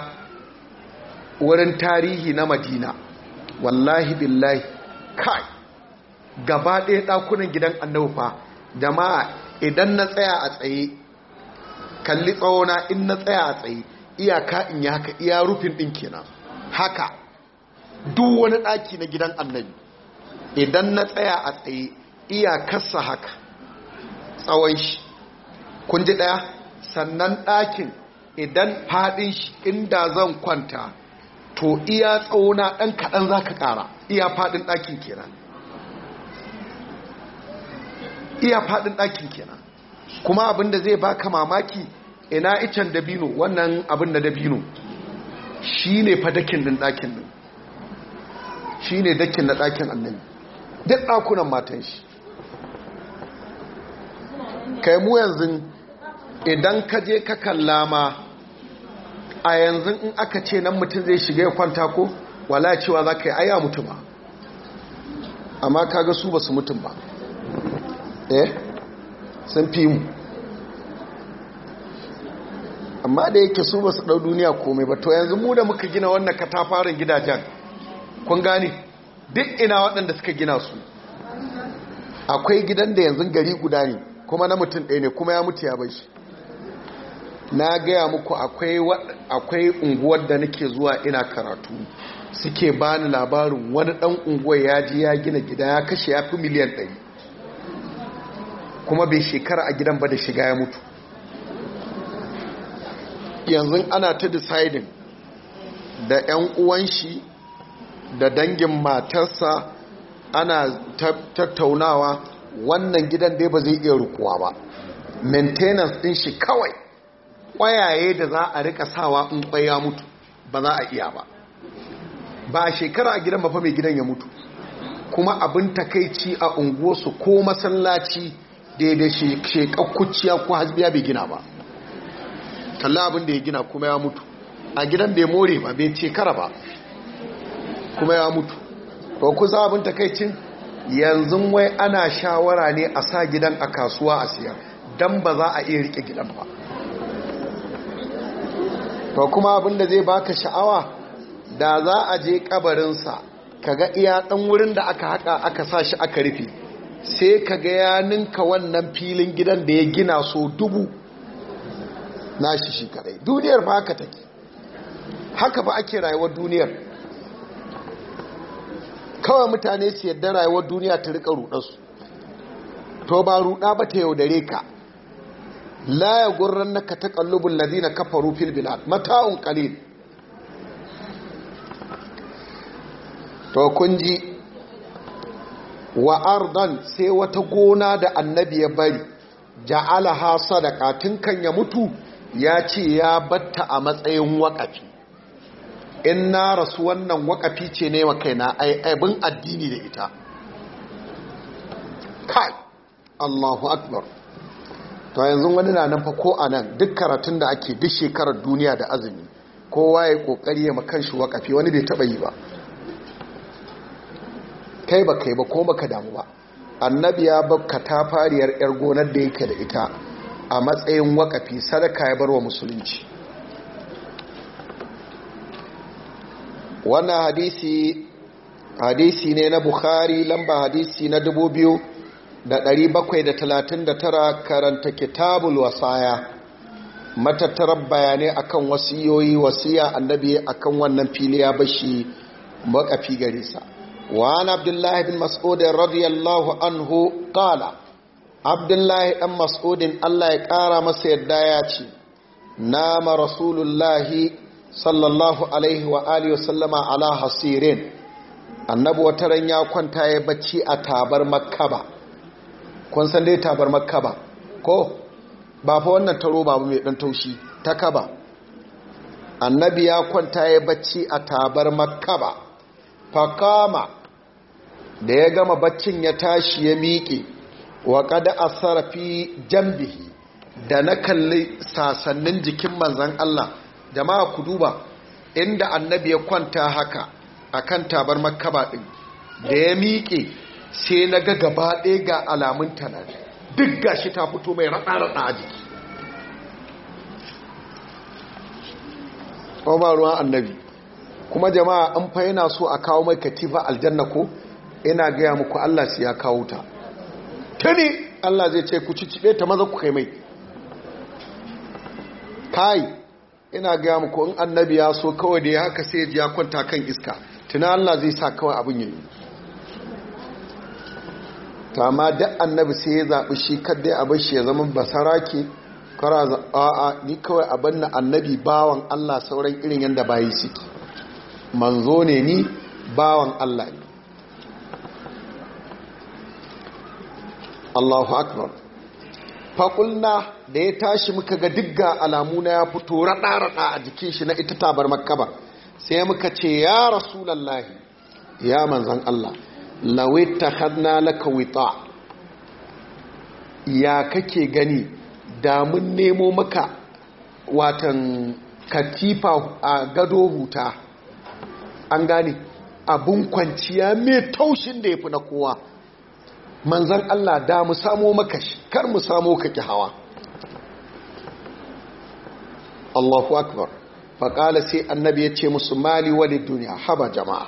wurin tarihi na Madina wallahi billahi kai gaba ɗaya ɗakunan gidan annabu fa jama'a idan na tsaya a tsaye kalli tsawona in na tsaya a tsaye iyaka in yi haka iya rufin ɗin kenan haka duk wani ɗaki na gidan annabi idan na tsaya a tsaye iyakarsa haka tsawon shi kun ji ɗaya sannan ɗakin idan faɗin shi inda zan kwanta to iya tsawona ɗan kaɗan za ka ƙara iya faɗin ɗakin kenan iya faɗin ɗakin kenan kuma abin da zai baka mamaki ina icen dabino wannan abin da dabino shi ne fadakin ɗin ɗakin ɗin shi ne dakin na ɗakin annabi duk ɗakunan matan shi kai mu yanzu idan ka je ka kalla ma a yanzu in aka ce nan mutum zai shiga ya kwanta ko wala cewa za ka yi aya mutum ba amma kaga su ba su mutum ba eh sun fi mu amma da yake su ba su ɗau duniya komai ba to yanzu mu da muka gina wannan katafarin gidajen kun gane duk ina waɗanda suka gina su akwai gidan da yanzu gari guda ne kuma na mutum ɗaya ne kuma ya mutu ya bai na gaya muku akwai unguwar da nake zuwa ina karatu suke bani labarin wani ɗan unguwar ya ji ya gina gida ya kashe ya fi miliyan ɗari kuma bai shekara a gidan ba da shiga ya mutu yanzu ana ta deciding da 'yan uwanshi. da dangin matarsa ana tattaunawa wannan gidan dai ba zai iya rukuwa ba maintenance din shi kawai kwayaye da za a rika sawa in kwaya mutu ba za a iya ba ba a shekara a gidan mafa mai gidan ya mutu kuma abin takaici a unguwarsu ko masallaci daidai shekakkuciya ko hasbiya bai gina ba talla abin da ya gina kuma ya mutu a gidan bai more ba bai shekara ba kuma ya mutu to ku za abin takaicin yanzu wai ana shawara ne a sa gidan a kasuwa a siyar don ba za a iya rike gidan ba to kuma abin da zai baka sha'awa da za a je kabarinsa kaga iya dan wurin da aka haka aka sa shi aka rufe sai kaga ya ninka wannan filin gidan da ya gina so dubu na shi shi kadai duniyar ba haka take haka ba ake rayuwar duniyar kawai mutane su yadda rayuwar duniya ta rika rudarsu to ba ruda ba ta yaudare ka la ya gurran na ka taƙallubin lazina kafa rufin bilad mata'un qalil to kun ji wa ardan sai wata gona da annabi ya bari ja'alaha sadaka tun kan ya mutu ya ce ya batta a matsayin waƙafi in na rasu wannan wakafi ce ne wa kaina aibin addini da ita kai allahu akbar to yanzu wani na nan fa ko a nan duk karatun da ake duk shekarar duniya da azumi kowa ya kokari ya makan shi wakafi wani bai taba yi ba kai ba kai ba ko baka damu ba annabi ya baka ta fariyar yar gonar da yake da ita a matsayin wakafi sadaka ya bar wa musulunci wannan hadisi hadisi ne na bukhari lamba hadisi na 2739 karanta kitabul wasaya matattarar bayanai akan wasiyoyi wasiya annabi akan wannan fili ya bashi makafi gare sa wa abdullahi bin Mas'udin radiyallahu anhu kala abdullahi dan mas'udin Allah ya kara masa yadda ya ce nama rasulullahi sallallahu alaihi wa alihi wasallama ala hasirin annabi wata ran ya kwanta ya bacci a tabar makaba. kun san dai tabar makaba, ko ba fa wannan taro ba mai dan taushi ta kaba annabi ya kwanta ya bacci a tabar Fa fakama da ya gama baccin ya tashi ya miƙe wa kada asara jambihi da na kalli sasannin jikin manzan Allah jama'a ku duba inda annabi ya kwanta haka akan tabar makkaba din da ya miƙe sai na ga gaba ɗaya ga alamun tanar duk gashi ta fito mai raɗa-raɗa a jiki ba ruwan annabi kuma jama'a an fa yana so a kawo mai katifa aljanna ko ina gaya muku Allah su ya kawo ta tuni Allah zai ce ku cicibe ta maza ku kai mai kai ina gaya muku in annabi ya so kawai da ya haka sai ji ya kwanta kan iska tuna Allah zai sa kawai abin yi ta ma duk annabi sai ya zaɓi shi kadai abin shi ya zama basara ke kwara za'a ni kawai abin na annabi bawan Allah sauran irin yadda bayi suke manzo ne ni bawan Allah ne Allahu akbar faƙulna da ya tashi muka ga digga alamu na ya fito raɗa-raɗa a jikin shi na ita tabar makaba sai muka ce ya rasu rasulallahi ya manzan Allah lawai ta hannu laka wita ya kake gani da mun nemo maka watan katifa a gado huta an gane abun kwanciya mai taushin da ya fi na kowa manzan Allah da mu samo maka shi kar mu samo ka hawa Allahu akbar kala sai annabi ya ce musu mali wali duniya haba jama'a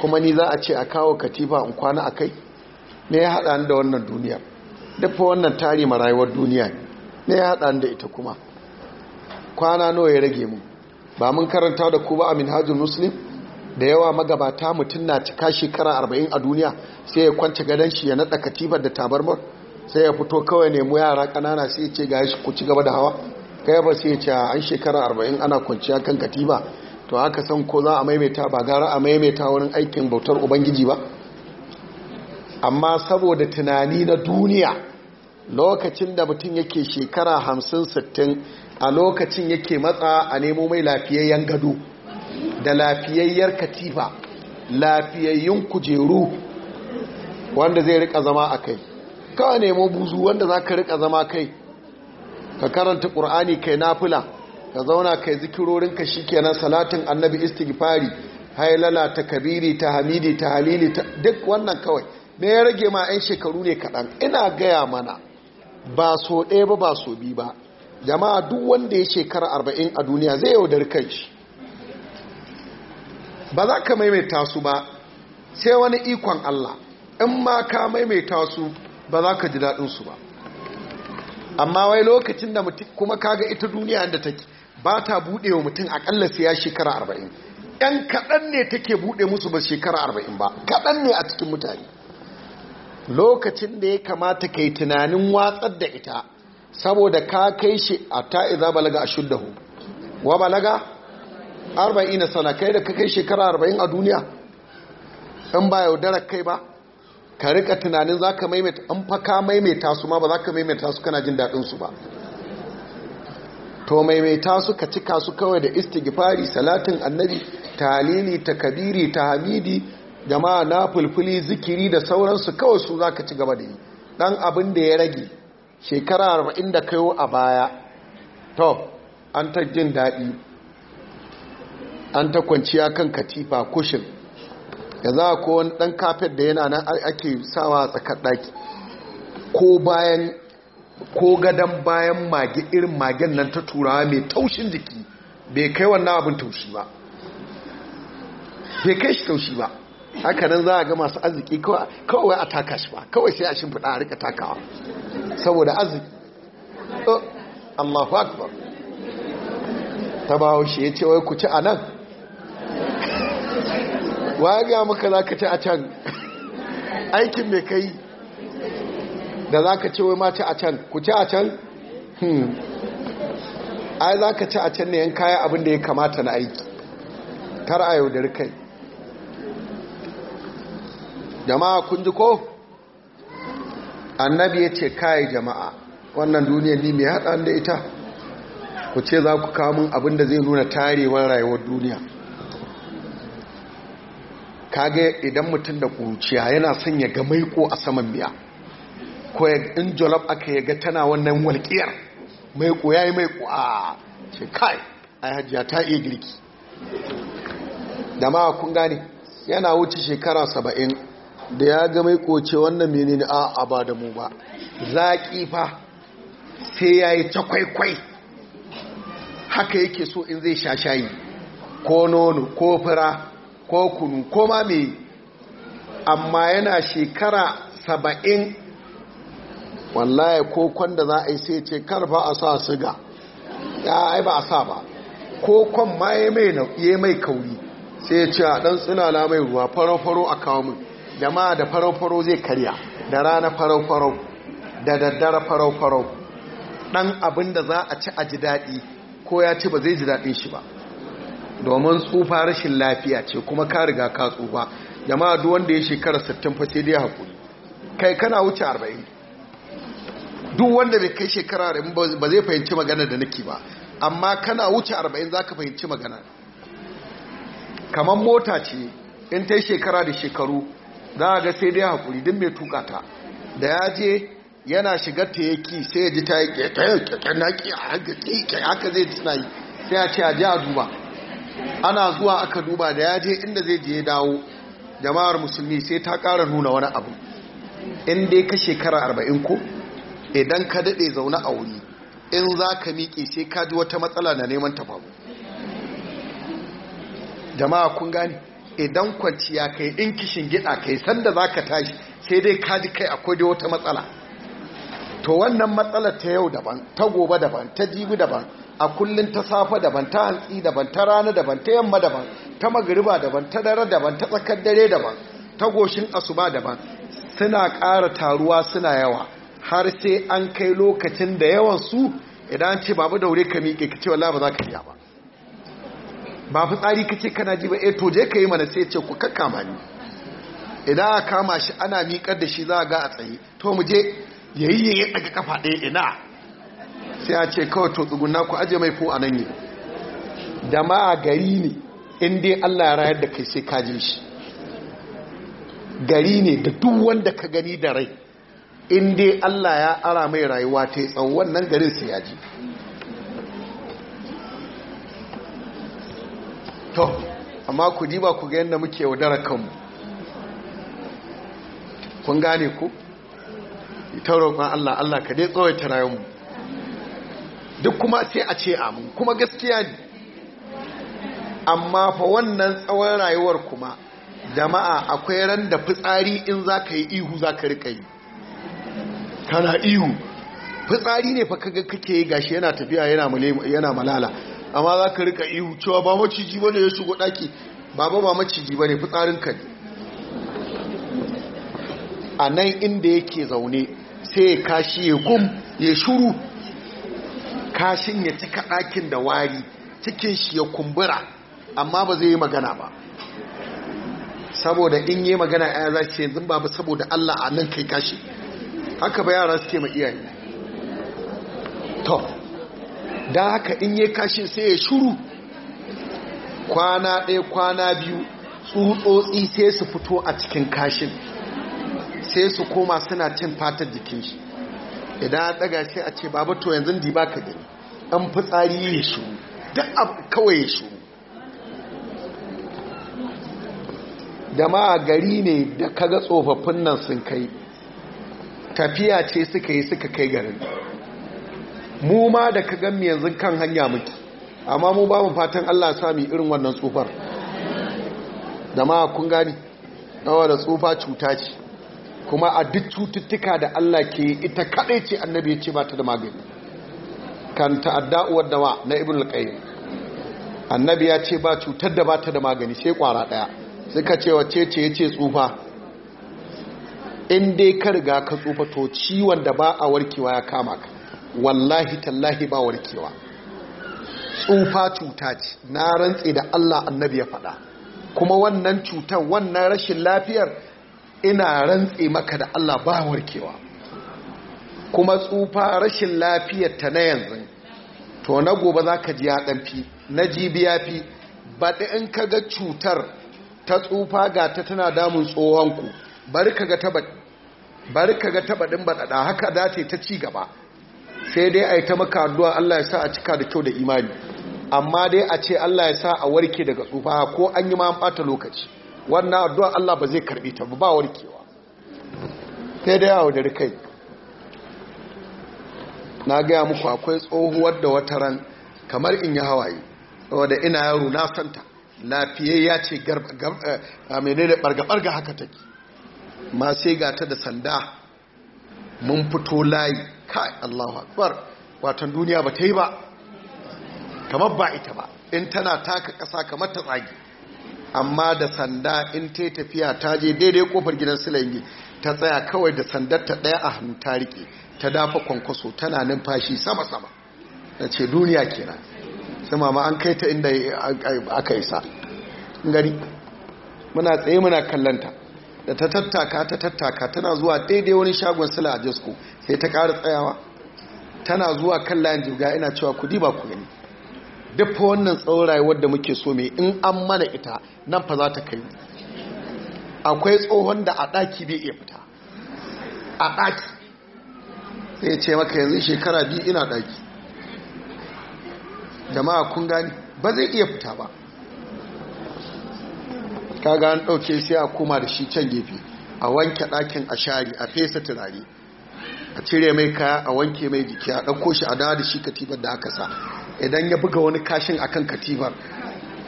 kuma ni za a ce a kawo katifa in kwana a kai ne ya haɗa da wannan duniyar dafa wannan tari marayuwar duniya ne ya haɗa da ita kuma kwana nawa ya rage mu ba mun karanta da ku ba a minhajul muslim da yawa magabata mutum na cika shekara arba'in a duniya sai ya kwanci gadon shi ya naɗa katibar da tabarmar sai ya fito kawai nemo yara kanana sai ya ce ga shi ku ci gaba da hawa kai ba sai ya ce an shekara arba'in ana kwanciya kan katiba to haka san ko za a maimaita ba gara a maimaita wurin aikin bautar ubangiji ba amma saboda tunani na duniya lokacin da mutum yake shekara hamsin sittin a lokacin yake matsa a nemo mai lafiyayyen gado da lafiyayyar katifa lafiyayyun kujeru wanda zai rika zama a kai kawai nemo buzu wanda za ka rika zama kai ka karanta ƙur'ani kai nafula ka zauna kai zikirorin ka shi kenan salatin annabi istighfari hailala ta kabiri ta hamidi ta halili ta duk wannan kawai me ya rage ma 'yan shekaru ne kaɗan ina gaya mana ba so ɗaya ba ba so biyu ba jama'a duk wanda ya shekara arba'in a duniya zai yaudar kai shi ba za ka maimaita su ba sai wani ikon Allah in ma ka maimaita su ba za ka ji daɗinsu ba amma wai lokacin da mutum kuma kaga ita duniya da take ba ta buɗe wa mutum aƙalla sai ya shekara arba'in ‘yan kaɗan ne take buɗe musu ba shekara arba'in ba kaɗan ne a cikin mutane lokacin da ya kamata ka yi tunanin watsar da ita saboda ka kai shi a ta'iza balaga a shuddahu wa balaga arba'ina sana kai da kai shekara arba'in a duniya in ba yaudarar kai ba ka rika tunanin za ka maimaita an faka maimaita su ma ba za ka maimaita su kana jin daɗin su ba to maimaita su ka cika su kawai da istighfari salatin annabi talili takabiri tahmidi jama'a na fulfuli zikiri da sauransu kawai su za ka ci gaba da yi dan abin da ya rage shekara arba'in da kayo a baya to an ta jin daɗi an ta kwanciya kan katifa kushin da za ko wani ɗan kafet da yana nan ake sawa a tsakar ɗaki ko bayan ko gadon bayan mage irin magen nan ta turawa mai taushin jiki bai kai wannan abin taushi ba bai kai shi taushi ba haka nan za a ga masu arziki kawai a taka shi ba kawai sai a shimfiɗa a rika takawa saboda arziki oh, allahu akbar ta bawo shi ya ce wai ku ci a nan wa ya maka za ka ci a can aikin mai kai da za ka ce wai a can ku ci a can hmm. ai za ka ci a can ne yan kaya abin da ya kamata na aiki kar a yaudari kai jama'a kun ji ko annabi ya ce kayi jama'a wannan duniya ne mai haɗa da ita ku ce za ku kamun abin da zai nuna tarewar rayuwar duniya kage idan mutum da kuciya yana son ya ga maiko a saman biya. ko in jolof aka ya ga tana wannan walƙiyar maiko ya yi maiko a ce kai a hajiya ta iya girki da ma kun gane yana wuce shekara saba'in da ya ga maiko ce wannan menene a ba da mu ba zaƙi fa sai ya yi ta kwaikwai haka yake so in zai sha shayi ko nono ko fura ko kunu ko ma me amma yana shekara saba'in wallaye ko kwanda za a yi sai ce kar ba a sa siga ya ai ba a sa ba ko kwan ma ya mai kauri sai ce a ɗan tsilala mai ruwa farofaro a kawo min jama'a da farofaro zai karya da rana farofaro da daddara farofaro. ɗan abin da za a ci a ji daɗi ko ya ci ba zai ji daɗin shi ba domin tsufa rashin lafiya ce kuma ka riga ka tsufa jama'a duk wanda ya shekara 60 fa sai dai hakuri kai kana wuce 40 duk wanda bai kai shekara 40 ba zai fahimci magana da nake ba amma kana wuce 40 zaka fahimci magana kamar mota ce in ta shekara da shekaru za ga sai dai hakuri din mai tuka ta da ya je yana shiga ta yaki sai ya ji ta yi duba. ana zuwa aka duba da ya je inda zai je dawo jama'ar musulmi sai ta kara nuna wani abu in dai ka shekara arba'in ko idan ka daɗe zaune a wuri in za ka miƙe sai ka ji wata matsala na neman ta jama'a kun gani idan kwanciya kai in kishin gida kai sanda za ka tashi sai dai ka ji kai akwai da wata matsala to wannan matsala ta yau daban ta gobe daban ta jibi daban a kullun ta safa daban ta hantsi daban ta rana daban ta yamma daban ta magariba daban ta dare daban ta tsakar dare daban ta goshin asuba daban suna ƙara taruwa suna yawa har sai an kai lokacin da yawan su idan ce babu daure ka miƙe ka ce wallahi ba za ka iya ba ba tsari ka ce kana ji ba eh to je ka yi mana sai ce ku ma ni idan a kama shi ana miƙar da shi za a ga a tsaye to mu je yayi yayi daga kafa ɗaya ina sai a ce kawai to tsuguna ku aje mai ko a nan yi da ma a gari ne inda allah ya rayar da kai sai kajin shi gari ne da duk wanda ka gani da rai inda allah ya ara mai rayuwa ta yi tsawon wannan garin sai ya ji to amma ku diba ku ga yadda muke yaudara kanmu kun gane ku ita roƙon allah allah ka dai tsawaita rayuwa duk kuma sai a ce amin kuma gaskiya ne amma fa wannan tsawon rayuwar kuma jama'a akwai ran da fitsari in za ka yi ihu za ka rika yi kana ihu fitsari ne fa kaga kake yi gashi yana tafiya yana malala amma za ka rika ihu cewa ba maciji ba ne ya shigo ɗaki Baba ba maciji ba ne fitsarin ka ne a nan inda yake zaune sai ya kashi ya gum ya shuru kashin ya cika ɗakin da wari cikin shi ya kumbura amma ba zai yi magana ba saboda in yi magana ya za ce zumba ba saboda Allah a nan kai kashi haka ba yara suke ma iyaye to da haka in yi kashin sai ya shuru kwana ɗaya kwana biyu tsutsotsi sai su fito a cikin kashin sai su koma suna cin fatar jikin shi idan an daga shi a ce babu to yanzu di ba ka gani an fitsari ya shuru duk a kawai ya da ma gari ne da kaga tsofaffin nan sun kai tafiya ce suka yi suka kai garin mu ma da gami yanzu kan hanya muke amma mu ba mu fatan Allah sami irin wannan tsufar da ma kun gani dawa da tsufa cuta ce kuma a duk cututtuka da Allah ke ita kaɗai ce annabi ya ce ba ta da magani kan ta'adda uwar dawa na ibn al annabi ya ce ba cutar da ba ta da magani sai kwara ɗaya suka ce wacce ce ya ce tsufa in dai ka riga ka tsufa to ciwon da ba a warkewa ya kama ka wallahi tallahi ba warkewa tsufa cuta ce na rantse da Allah annabi ya faɗa kuma wannan cutar wannan rashin lafiyar ina rantse maka da Allah ba warkewa kuma tsufa rashin lafiyar ta na yanzu to na gobe za ka ji ya ɗanfi na jibi biya fi ɗi in ka ga cutar ta tsufa ga ta tana damun tsohonku bari ka ga tabaɗin baɗaɗa haka za ta yi ta ci gaba sai dai a ta maka addu'a Allah ya sa a cika da kyau da imani amma dai a ce Allah ya sa a warke daga tsufa ko an yi ma an ɓata lokaci wannan addu'a Allah ba zai karbi ta ba warkewa sai da yawo da rikai na gaya muku akwai tsohuwar da wata ran kamar in yi hawaye wadda ina yaro na santa lafiye ya ce eh, menene barga haka take ma sai ga ta da sanda mun fito layi kai allahu akbar watan duniya ba ta yi ba kamar ba ita ba in tana taka ƙasa kamar ta tsage amma da sanda in ta tafiya ta je daidai kofar gidan sulaimi ta tsaya kawai da sanda ta ɗaya a hannu ta riƙe ta dafa kwankwaso tana numfashi sama-sama na ce duniya kenan sama ma an kai ta inda aka isa gari muna tsaye muna kallanta da ta tattaka ta tattaka tana zuwa daidai wani shagon sila a Josko sai ta ƙara tsayawa tana zuwa kan layin jirga ina cewa kudi ba ku gani duk wannan tsaurayi rayuwar da muke so mai in an mana ita nan fa za ta kai akwai tsohon da a ɗaki bai iya fita a ɗaki sai ce maka yanzu shekara biyu ina ɗaki jama'a kun gani ba zai iya fita ba kaga an ɗauke sai a koma da shi can gefe a wanke ɗakin a shari a fesa turare a cire mai kaya a wanke mai jiki a ɗauko shi a dawa da shi katibar da aka sa idan ya buga wani kashin akan katibar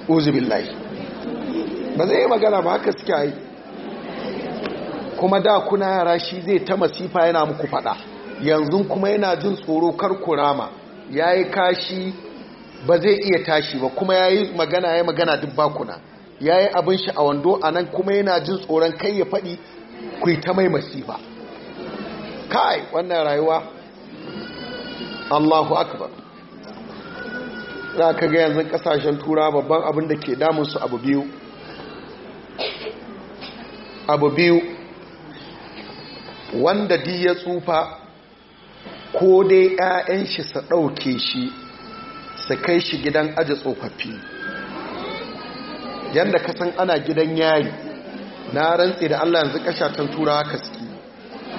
uzubillahi ba zai yi magana ba haka suke yi kuma da kuna yara shi zai ta masifa yana muku fada yanzu kuma yana jin tsoro kar kurama ya yi kashi ba zai iya tashi ba kuma ya yi magana ya magana duk bakuna ya yi abin shi a wando a nan kuma yana jin tsoron kai ya faɗi ku yi ta mai masifa kai wannan rayuwa allahu akbar za ka ga yanzu kasashen tura babban abin da ke damunsu abu biyu abu biyu wanda di ya tsufa ko dai 'ya'yan shi su ɗauke shi su kai shi gidan aji tsofaffi yadda kasan ana gidan yari, na rantse da allah yanzu kashatan tura ka suke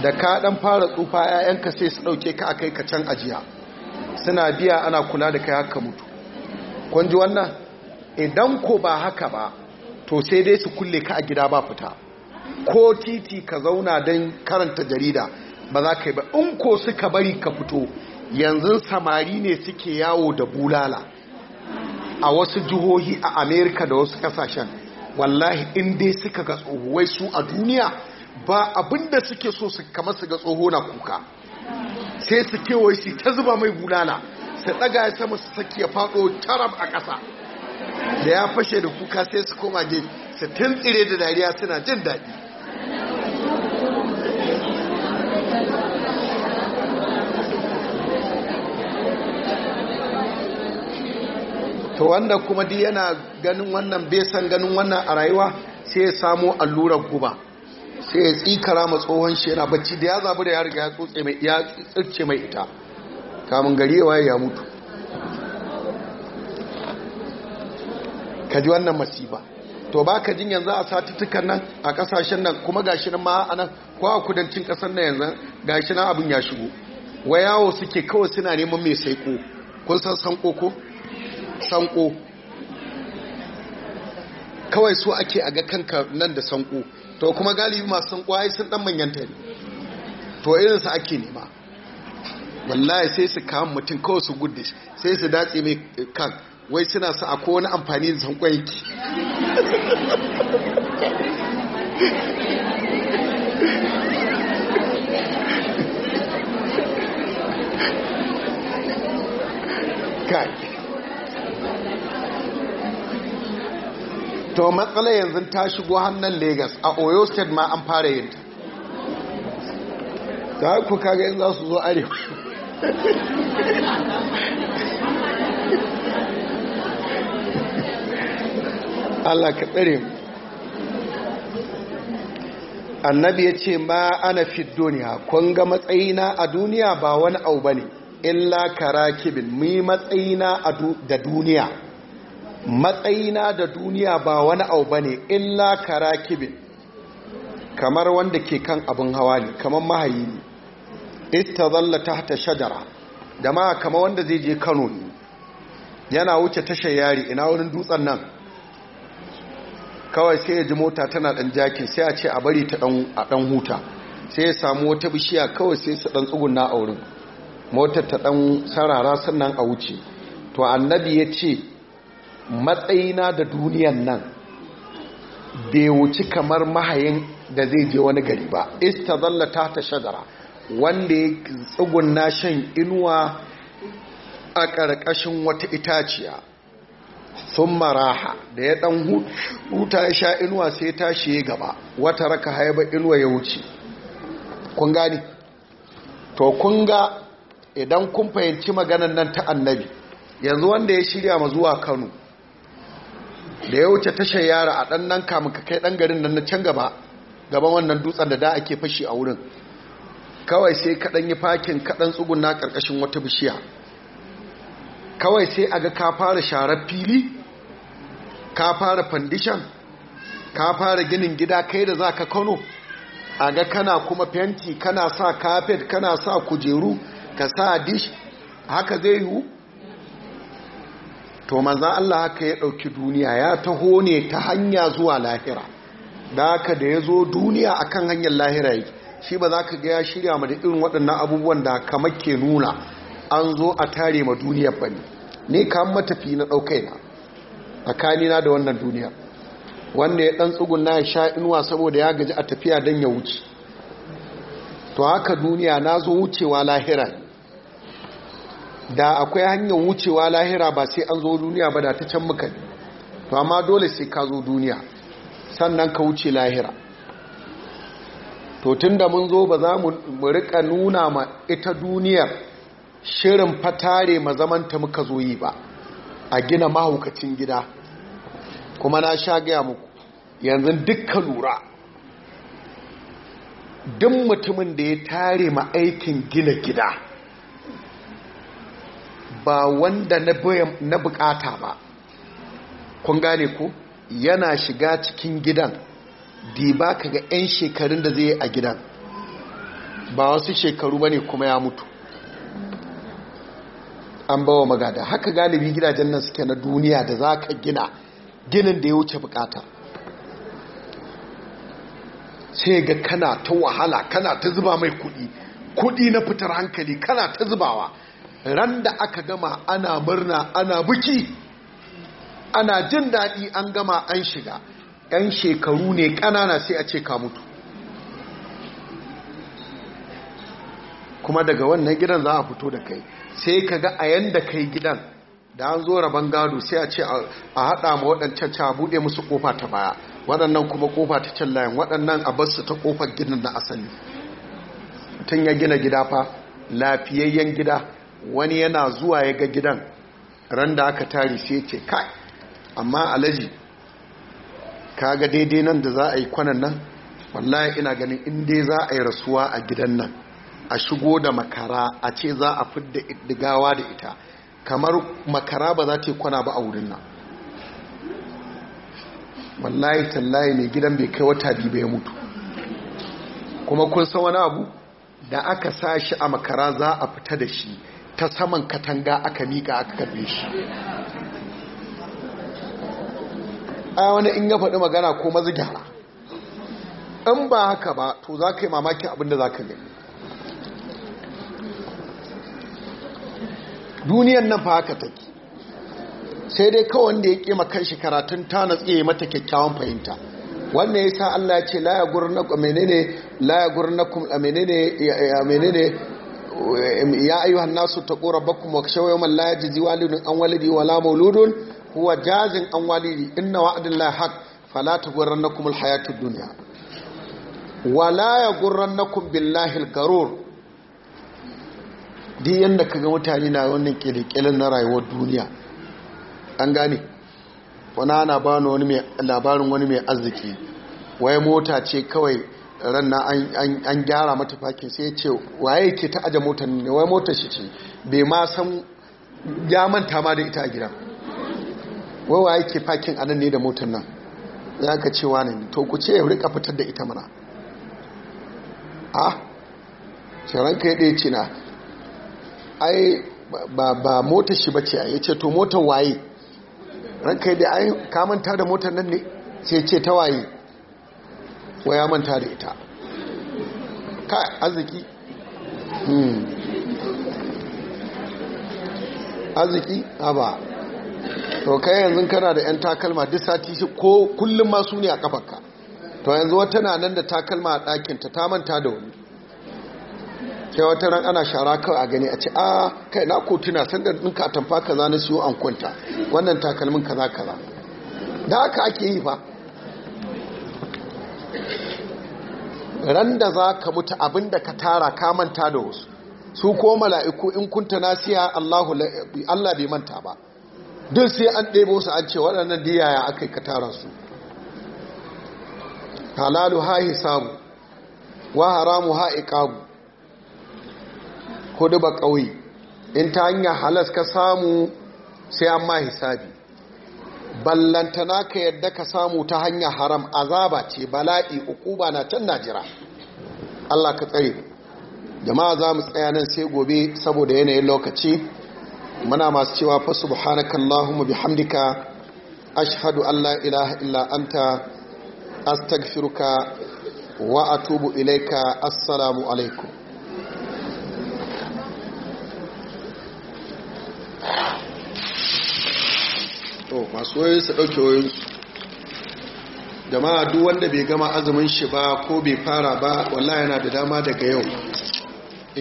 da ka ɗan fara tsufa 'ya'yanka sai su ɗauke ka a kai ka can ajiya suna biya ana kula da kai haka mutu kwanji wannan idan ko ba haka ba to sai dai su kulle ka a gida ba fita ko titi ka zauna don karanta jarida ba za ka yi ba in ko suka bari ka fito yanzu samari ne suke yawo da bulala a wasu jihohi a amerika da wasu kasashen wallahi in dai suka ga tsohuwai su a duniya ba abinda suke so su kama su ga tsoho na kuka sai su kewaye shi ta zuba mai bulala Sai daga ya sama su saki ya faɗo tarab a ƙasa da ya fashe da kuka sai su koma gefe su tuntsire da dariya suna jin daɗi to wanda kuma di yana ganin wannan besan ganin wannan a rayuwa sai ya samo allurar guba sai ya tsikara ma tsohon shi yana bacci da ya zabi da ya riga ya tsirce mai ita kamun gari ya waye ya mutu ka ji wannan masifa to ba ka jin yanzu a satuttukan nan a kasashen nan kuma gashi nan ma a nan ko a kudancin kasar nan yanzu gashi nan abin ya shigo Wayawo suke kawai suna neman mai saiko kun san sanko ko sanko kawai su ake a ga kanka nan da sanko to kuma galibi masu sanko ai sun dan manyanta ne to su ake nema wallahi sai su kama mutum kawai su gudu sai su datse mai kan wai suna sa a kowane amfani da san kwaiki to matsala yanzu ta shigo hannun lagos a oyo state ma an fara yin ta ku kaga in za su zo arewa Allah ka tsere mu annabi ya ce ma ana fi duniya kun ga matsayina a duniya ba wani au ba ne illa karakibin mi matsayina da duniya matsayina da duniya ba wani au ba ne illa karakibin kamar wanda ke kan abin hawa ne kamar mahayi ne ta tahta shajara jama'a kama wanda zai je Kano ne yana wuce tashar yari ina wurin dutsen nan kawai sai ya ji mota tana dan jakin sai a ce a bari ta a dan huta sai ya samu wata bishiya kawai sai su dan tsugunna a wurin motar ta dan sarara sannan a wuce to annabi ya ce matsayina da duniyan nan bai wuci kamar mahayin da zai je wani gari ba zalla ta ta shajara wanda ya tsugunna shan inuwa a ƙarƙashin wata itaciya sun maraha da ya ɗan huta ya sha inuwa sai ya tashi ya gaba wata raka haiba inuwa ya wuce kun gani to kun ga idan kun fahimci maganan nan ta annabi yanzu wanda ya shirya ma zuwa kano da ya wuce tashar yara a ɗan nan kamun ka kai ɗan garin nan na can gaba gaban wannan dutsen da da ake fashi a wurin kawai sai kaɗan yi fakin kaɗan tsuguna ƙarƙashin wata bishiya kawai sai aga ka fara sharar fili ka fara fandishan ka fara ginin gida kai da za ka kano aga kana kuma fenti kana sa kafet kana sa kujeru ka sa dish haka zai yiwu to maza Allah haka ya ɗauki duniya ya taho ne ta hanya zuwa lahira da haka da ya zo duniya akan hanyar lahira yake shi ba za ka gaya shirya ma da irin waɗannan abubuwan da kamar ke nuna an zo a tare ma duniyar ba ne ne kan matafi na ɗaukai na, a kanina da wannan duniya wanda ya ɗan tsugun na ya sha inuwa saboda ya gaji a tafiya don ya wuce to haka duniya na zo wucewa lahira da akwai hanyar wucewa lahira ba sai an zo duniya ba da ta can muka to amma dole sai ka zo duniya sannan ka wuce lahira to tun da mun zo ba za mu rika nuna ma ita duniyar shirin fatare ma zamanta muka zo yi ba a gina mahaukacin gida kuma na sha gaya muku yanzu dukka lura duk mutumin da ya tare ma aikin gina gida ba wanda na bukata ba kun gane ku yana shiga cikin gidan diba ka ga 'yan shekarun da zai yi a gidan ba wasu shekaru ba ne kuma ya mutu an bawa magada haka galibi gidajen nan suke na duniya da za ka gina ginin da ya wuce bukata sai ga kana ta wahala kana ta zuba mai kudi kudi na fitar hankali kana ta zubawa ran da aka gama ana murna ana buki ana jin daɗi an gama an shiga 'yan shekaru ne ƙanana sai a ce ka mutu kuma daga wannan gidan za a fito da kai sai ka ga a yanda kai gidan da an zo rabon gado sai a ce a haɗa ma waɗancan ca buɗe musu ƙofa ta baya waɗannan kuma ƙofa ta can layin waɗannan a basu ta ƙofar ginin na asali tun ya gina gida fa lafiyayyen gida wani yana zuwa ya ga gidan ran da aka tari sai ce kai amma alaji kaga daidai nan da za a yi kwanan nan wallahi ina ganin in dai za a yi rasuwa a gidan nan a shigo da makara a ce za a fidda iddigawa da ita kamar makara ba za ta kwana ba a wurin nan wallahi tallahi mai gidan bai kai wata biyu bai mutu kuma kun san wani abu da aka sa shi a makara za a fita da shi ta saman katanga aka mika aka karbe shi a wani in ya faɗi magana ko mazi gyara in ba haka ba to za ka yi mamakin abinda za ka gani duniyan nan fa haka take sai dai kawai wanda ya ƙi makan shi karatun ta na tsaye mata kyakkyawan fahimta wannan ya sa Allah ya ce la ya gurnakum menene la ya gurnakum menene menene ya ayyuhan nasu taqu rabbakum wakhshaw yawman la yajzi walidun an walidi wala mauludun huwa jazin an walidi inna na haq fala taghurrannakum alhayatud duniya. wala yaghurrannakum billahi algarur di yadda kaga mutane na wannan kirkirin na rayuwar duniya an gane wana na labarin wani mai arziki waye mota ce kawai ranna an gyara mata sai ce waye ke ta aje motar ne waye motar shi ce bai ma san ya manta ma da ita a gidan wai yake fakin anan ne da motar nan ya ka cewa ne to ku ce ya rika fitar da ita mana a sharan ka yadda ya ce na ai ba motar shi bace ya ce to motar waye ranka yadda ai kamanta da motar nan ne sai ce ta waye wa ya manta da ita ka arziki hmm. arziki a ba to kai yanzu kana da 'yan takalma duk sati shi ko kullum ma su ne a kafarka to yanzu wata na nan da takalma a ɗakinta ta manta da wani sai wata ran ana shara kawai a gani a ce a ah, kai na ko tuna ninka ɗinka a kaza na siyo an kwanta wannan takalmin kaza kaza da haka ake yi fa ran da za ka mutu abin da ka tara ka manta da wasu su ko mala'iku in kunta nasiya Allah bai manta ba duk sai an ɗebo su an ce waɗannan diyaya aka yi kataransu halalu ha hisabu wa haramu ha iqabu ko ba ƙauye in ta hanyar halas ka samu sai an ma hisabi ballantana ka yadda ka samu ta hanyar haram azaba ce bala'i uku ba na can najira Allah ka tsare jama'a za mu tsaya nan sai gobe saboda yanayin lokaci muna masu cewa fa subhanakallahumma bihamdika ashhadu an la ilaha illa anta astaghfiruka wa atubu ilaika assalamu alaikum to masu waye su ɗauke waye jama'a duk wanda bai gama azumin shi ba ko bai fara ba wallahi yana da dama daga yau